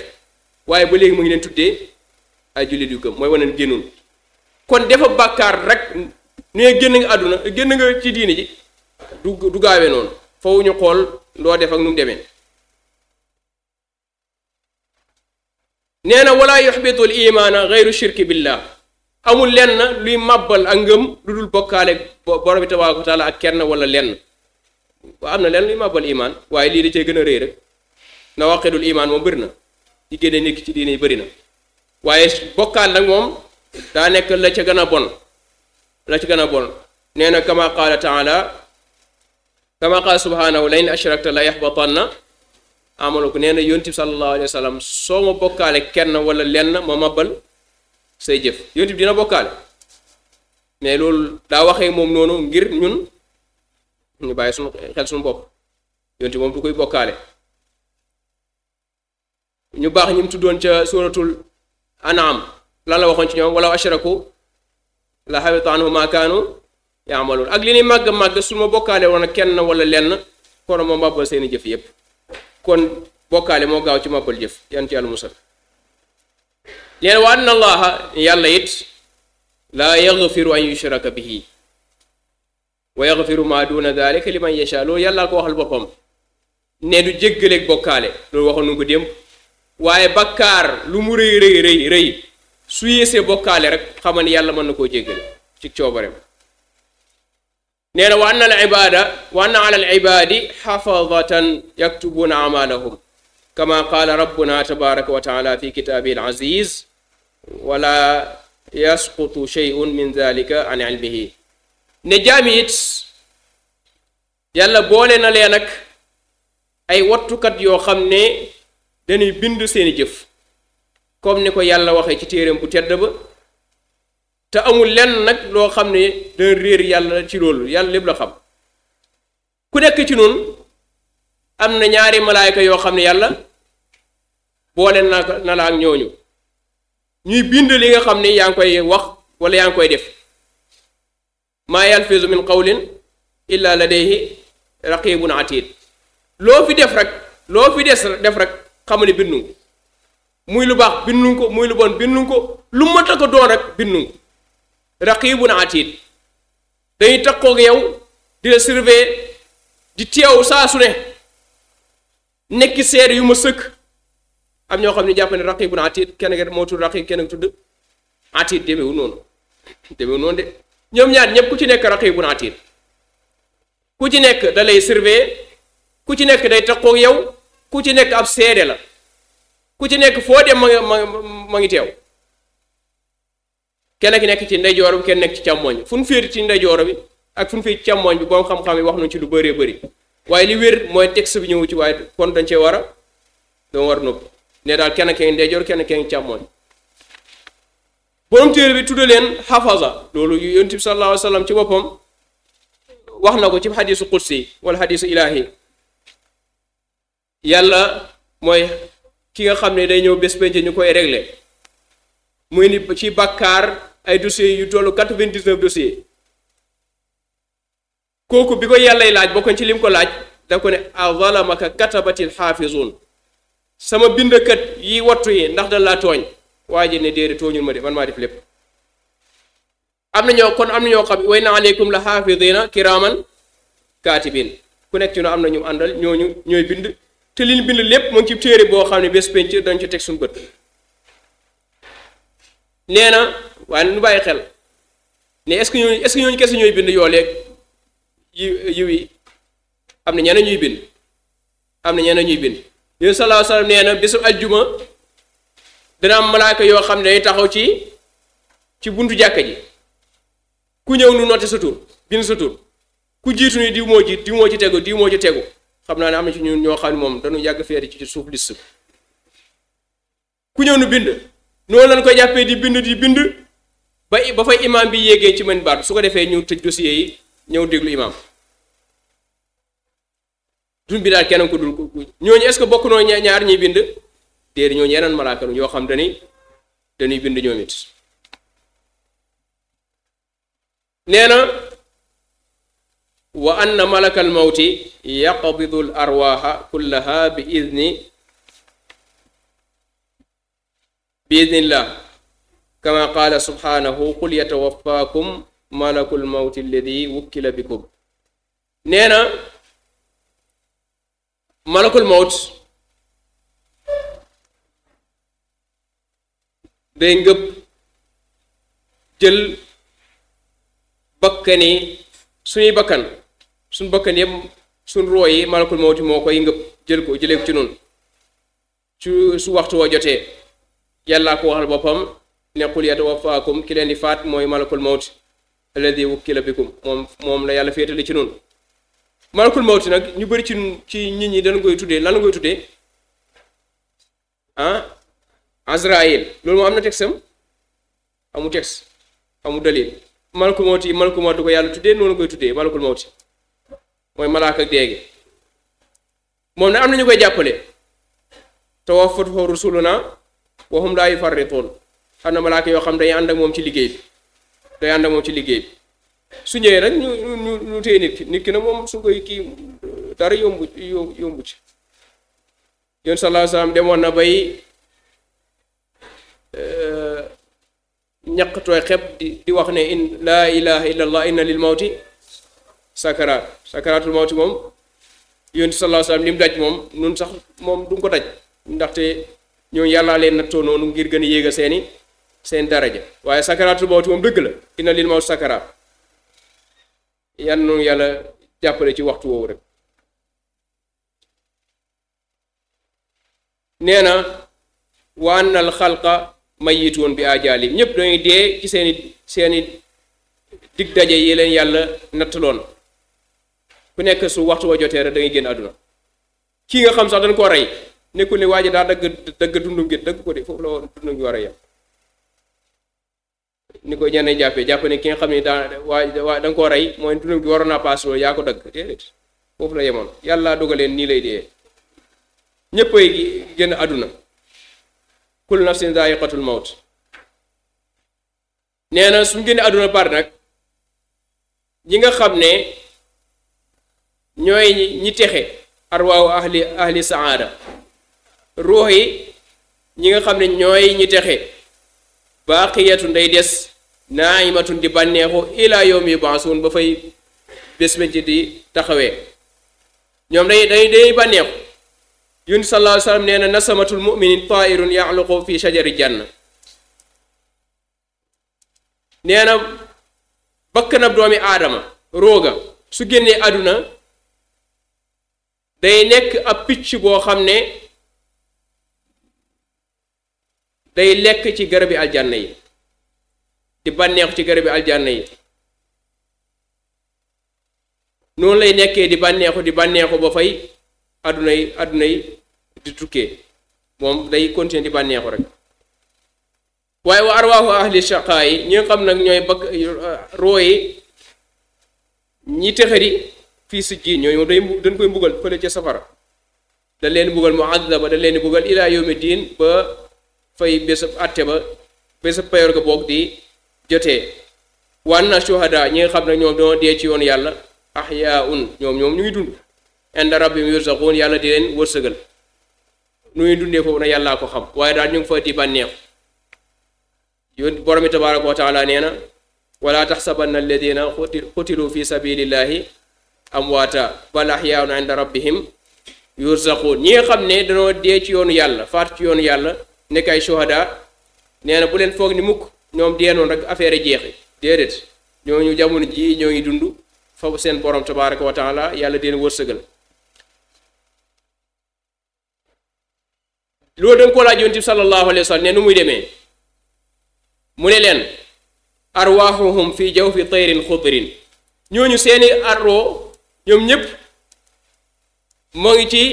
waaye ba léegi mu ngi leen tuddee ay jullit mooy waneen génnul kon defa bàkkaar rek ne génn nga àdduna génn nga ci diine ji du du gaawe noonu foofu ñu xool loo def ak nu mu demee nee na wala yuxbitul imaana gayru shirki billah amul lenn luy màbbal ak ngëm lu dul bokkaale borom bi tabaaraka wa ak kenn wala lenn waa am na lenn luy màbbal imaan waaye lii da cee gën a rëy rek na waqidul imaan moom bëri na di génne nit ci diine yi bëri waaye bokkaal nag moom daa nekk la ca gën a bon la ca gën a bon nee na kama kama qaala subhaanahu la in ashrakta la yaxbatanna amaluku nee na yonent bi sallallahu alayhi wa sallam soo ma bokkaale kenn wala lenn ma mabbal say jëf yonent dina bokkaale mais loolu daa waxee moom noonu ngir ñun ñu bàyyi suñu xel suñu bopp yonent bi moom du koy bokkaale ñu baax ñi mu tuddoon ca suuratul anaam lan la waxoon ci ñoom walaw ashraku la xabita anhu ma kaanu yaamaloon ak li ni màgg màgg suma bokkaale woon ak kenn wala lenn kono moo màbbal seeni jëf yépp kon bokkaale moo gaaw ci màbbal jëf yan ci yàlla musal leen wa anna allaha yàlla it laa yaxfiru an yushraka bihi wa yaxfiru maa duuna dalika liman yasha loolu yàllaa ko waxal boppam ne du jéggaleeg bokkaale loolu waxoon nu ko démb waaye bakkaar lu mu rëy rëy rëy rëy su yéesee bokkaale rek xamal yàlla mën na koo jéggale ci coobareem nee na wa anna al ibaada wa anna ala al ibaadi xafadatan yaktubuuna amalahum kama qaala rabbuna tabaraka wa taala fi kitaabihi al aziz wala yasqutu shay'un min dalika an ilmihi ne jaam it yàlla boole na leen ak ay wattukat yoo xam ne dañuy bind seeni jëf comme ni ko yàlla waxee ci téeréem bu tedd ba te amul lenn nag loo xam ne dana réer yàlla ci loolu yàlla lépp la xam ku nekk ci noonu am na ñaari malaayka yoo xam ne yàlla boole na na la ñooñu ñuy bind li nga xam ne yaa ngi koy wax wala yaa ngi koy def maa yalfizu min qawlin illa ladayhi raqibun atid loo fi def rek loo fi des def rek xam ne bindu muy lu baax bindu ko muy lu bon bindu ko lu mat ko doon rek bindu raqibun atid dañuy takkoog yow di la surveiller di teew saa su ne nekki seer yu ma sëkk am ñoo xam ne jàpp ne raqibun atid kenn nga moo tudd raqib kenn tudd atid demewu noonu demewu noonu de ñoom ñaar ñëpp ku ci nekk raqibun atid ku ci nekk da lay ku ci nekk day takkoog yow ku ci nekk ab seede la ku ci nekk foo dem ma ma ma ngi teew kenn ki nekk ci ndeyjoor bi kenn nekk ci càmmooñ bi fu nu féete ci ndeyjoor bi ak fu nu féete ci càmmooñ bi boom xam-xam yi wax nañu ci lu bëree bari waaye li wér mooy texte bi ñëw ci waaye kon dañ cee war a dama war noppi ne kenn ki ndeyjoor kenn ki càmmooñ borom bi tudde leen xafaza loolu yonent bi sallallahu alayhi wa ci boppam wax na ko ci xadiisu qudsi wala xadiisu ilaahi yàlla mooy ki nga xam ne day ñëw bés penc ñu koy réglé muy ni ci bàkkaar ay dossiers yu tollu quatre-vingt-dix-neuf dossiers kooku bi ko yàllay laaj bokkoon ci lim ko laaj da ko ne azalamaka katabatil xaafizuun sama bindkat yi wattu yi ndax da la tooñ waa ji ne déedéet tooñul ma def man maa def lépp am na ñoo kon am na ñoo xam way na aleykum la kaati kiraaman kaatibin ku nekk ci no am na ñu àndal ñooñu ñooy bind te liñ bind lépp mu ngi ci téere boo xam ne bés penc dañ ci teg suñu bët nee na waaye nu bàyyi xel ne est-ce que ñooñu est-ce ñooy bind yooleeg yi yiw am na ñeneen ñuy bind am na ñeneen ñuy bind yooyu sallallahu alayhi wasallam nee na ajjuma dana am malaake yoo xam ne day taxaw ci ci buntu jàkka ji ku ñëw nu noté sa tur bind sa tur ku jiitu ni diw moo ji diw moo ci tegu diw moo ci tegu xam naa ne am na ci ñoo xam ne moom dañu yàgg feeri ci suuf list ku ñëw nu bind noonu lañ koy jàppee di bind di bind ba ba fay imaam bi yéegee ci man baat su ko defee ñu tëj dossier yi ñëw déglu imaam dun bi daal kenn ko dul ko ñooñu est ce que bokk noo ñaar ñuy bind déedéet ñooñu yeneen malaaka yoo xam dañuy dañuy bind na wa anna malaka bi idni bi idnillah kama qaala subhaanahu qul yatawaffaakum malakul mawti alladi wukkila bikum nee na malakul mawt day ngëb jël bakkani suñuy bakkan suñ bakkan yëpp suñ roo yi malakul mawti moo koy ngëb jël ko jëlee ci noonu ci su waxtu wa jotee yàllaa ko waxal boppam ne qul yatawafaakum ki leen di faat mooy malakul mawt alladi wukkila bikum moom moom la yàlla féetale ci noonu malakul mawti nag ñu bari ci ci nit ñi dañu koy tuddee lan la koy tuddee ah azrail loolu moo am na texte am amu texte amu dalil malakul mawti malakul mawti ko yàlla tuddee noonu koy tuddee malakul mawti mooy malaaka déegi moom nag am na ñu koy jàppale tawaffatuhu rusuluna wa hum laa yufarrituun am na malaaka yoo xam day ànd ak moom ci liggéey bi day ànd ak moom ci liggéey bi su ñëwee nag ñu ñu ñu téye nit ki nit ki nag moom su koy kii dara yombu yombu ci yoon sallallahu alayhi wa sallam demoon na bay eh, ñaq tooy xeb di di wax ne in laa ilaha illa allah inna lil mawti sakaraat sakaraatul mawti moom yoon sallallahu alayhi wa sallam li mu daj moom nun sax moom du ko daj ndaxte ñoo yàllaa leen nattoo noonu ngir gën a yéega seeni seen daraja waaye sakaraatul mawti moom dëgg la inna lil mawti sakaraat yan nu yàlla jàppale ci waxtu woowu rek nee na nal anna al xalqa woon bi ajaalim ñépp dañuy dee ci seeni seeni dig daje yi leen yàlla nattaloon ku nekk su waxtu wa jotee rek da ngay génn àdduna kii nga xam sax dañ ko rey nekkul ne waa ji daa dagg dagg dundum gi dagg ko de foofu la woon dundum gi war a yem ni ko ñenn jàppee jàpp ne ki nga xam ne daa waa waa da koo rey mooy dundam gi waroon naa paas loolu yaa ko dagg déedéet foofu la yemoon yàlla dogaleen nii lay dee ñëpp ay génn àdduna kullu nafsin zaa'iqatul mawt nee na suñ génne àdduna par nag ñi nga xam ne ñooy ñi texe arwaaw ahli ahli saada ruux yi ñi nga xam ne ñooy ñi texe baaqiyatu nday des naaimatun di bànneexu ilaa yawmi yubaasuun ba fay bés di taxawee ñoom day day day bànneexu yun sallallahu alayhi wa sallam nee na nasamatul muminin taa'irun yaxluqu fi shajari janna nee na doomi aadama rooga su génnee àdduna day nekk ab picc boo xam ne day lekk ci garabi aljanna yi di bànneexu ci garabi aljanna yi noonu lay nekkee di bànneexu di bànneexu ba fay àdduna yi àdduna yi di tukkee moom day continuer di bànneexu rek waaye wa arwaahu ahli shaqaa yi ñi xam nag ñooy bakk rooyi ñi texari fii si ji ñooyu moom day dañ koy mbugal fële ca safara da leen mbugal mu àddaba da leen mbugal ilaa yawmi diin ba fay bésab àtte ba bésab payoor ga boog di jotee wa anna shuhada ñi nga xam ne ñoom dañoo dee ci yoon yàlla ahyaun ñoom ñoom ñu ngi dund inda rabbim yurzaqun yàlla di leen wërsëgal nu ñuy dundee foofu na yàllaa ko xam waaye daal ñu ngi fa di bànneex yoon borom bi tabaraka wa taala nee na wala taxsabanna alladina xutilu fi sabilillahi amwaata bal ahyaun inda rabbihim yurzaqun ñi nga xam ne dañoo dee ci yoonu yàlla faatu ci yoonu yàlla nekk ay shuhada nee bu leen foog ni mukk ñoom dee noonu rek jeex yi jeexi déedéet ñooñu jamono ji ñoo ngi dund fa seen borom tabaraka wa taala yàlla deen wërsëgal loolu dañ ko laaj yonent bi sallallahu alayhi ne nu muy demee mu ne leen arwaaxuhum fi jawfi tayrin xudrin ñooñu seeni arro ñoom ñépp moo ngi ci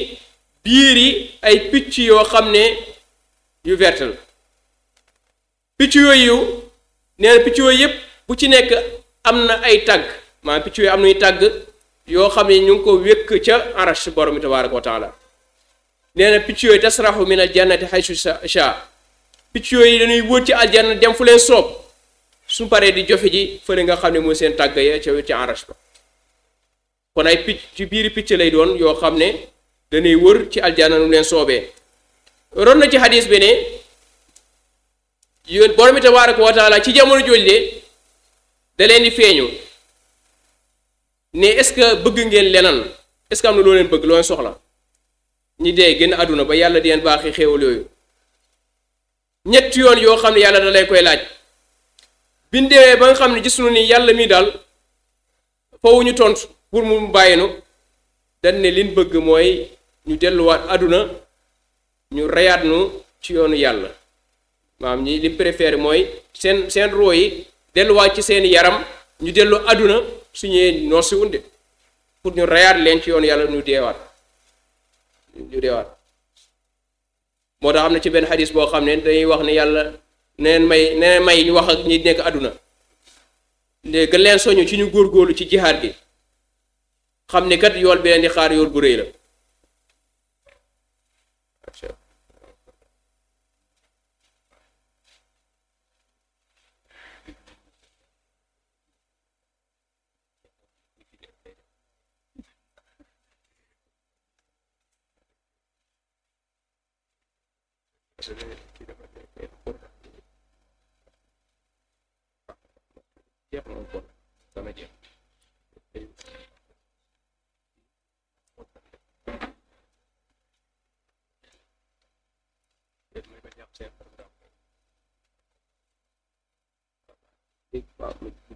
biiri ay picc yoo xam ne yu verte la picc yooyu nee na picc yooyu yëpp bu ci nekk am na ay tàgg maanaam picc yooyu am nañu tàgg yoo xam ne ñu ngi ko wékk ca arash borom bi tabaraka wa taala nee na picc yooyu tasraxu min aljannati xaysu sha picc yooyu dañuy wër ci aljanna dem fu leen soob su paree di jofe ji fële nga xam ne mooy seen tàgg ya ca ca arash ba kon ay picc ci biiri picc lay doon yoo xam ne dañuy wër ci aljanna nu leen soobee ron na ci xadis bi ne yoon borom bi tabaaraka wa taala ci jamono jooju de da leen di feeñu ne est-ce que bëgg ngeen leneen est am na loo leen bëgg loo leen soxla ñi dee génn àdduna ba yàlla di leen baaxi xéewal yooyu ñett yoon yoo xam ne yàlla da lay koy laaj biñ demee ba nga xam ne gis nu ni yàlla mii daal foofu ñu tontu pour mu bàyyi nu da ne liñ bëgg mooy ñu delluwaat àdduna ñu reyaat nu ci yoonu yàlla maam ñi li mu préféré mooy seen seen roo yi delluwaat ci seen yaram ñu dellu àdduna su ñëwee noo si unde pour ñu reyaat leen ci yoon yàlla ñu deewaat ñu deewaat moo tax am na ci benn xadis boo xam ne dañuy wax ne yàlla neneen may neneen may ñu wax ak ñi nekk àdduna gën leen soñu ci ñu góorgóorlu ci jihaar gi xam ne kat yool bi leen di xaar yool bu rëy la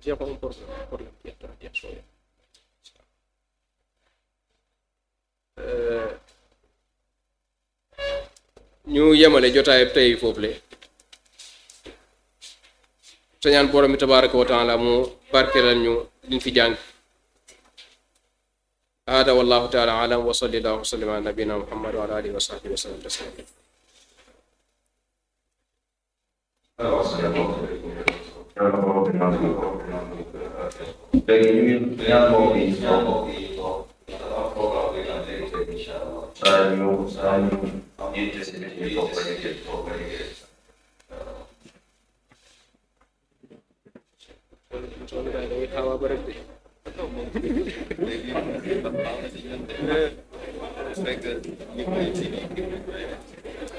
zéro un problème problème ci ñu yemale jotaayab tey foofu le te ñaan borom bi tabaraka wa taala mu barkeelal ñu liñ fi jàng هذا والله تعالى أعلم وصلى الله وسلم على نبينا محمد وعلى آله وصحبه وسلم تسليما كثيرا per il piano visto saranno saranno niente se ne dico quelli che quelli che Hava bıraktı.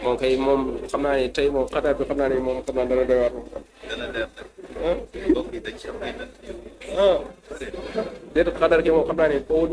moom kay moom xam naa ne tey moom xataa bi xam naa ne moom xam naa dana doy waar moom. ah déet xadar gi moom xam naa ne foo ñu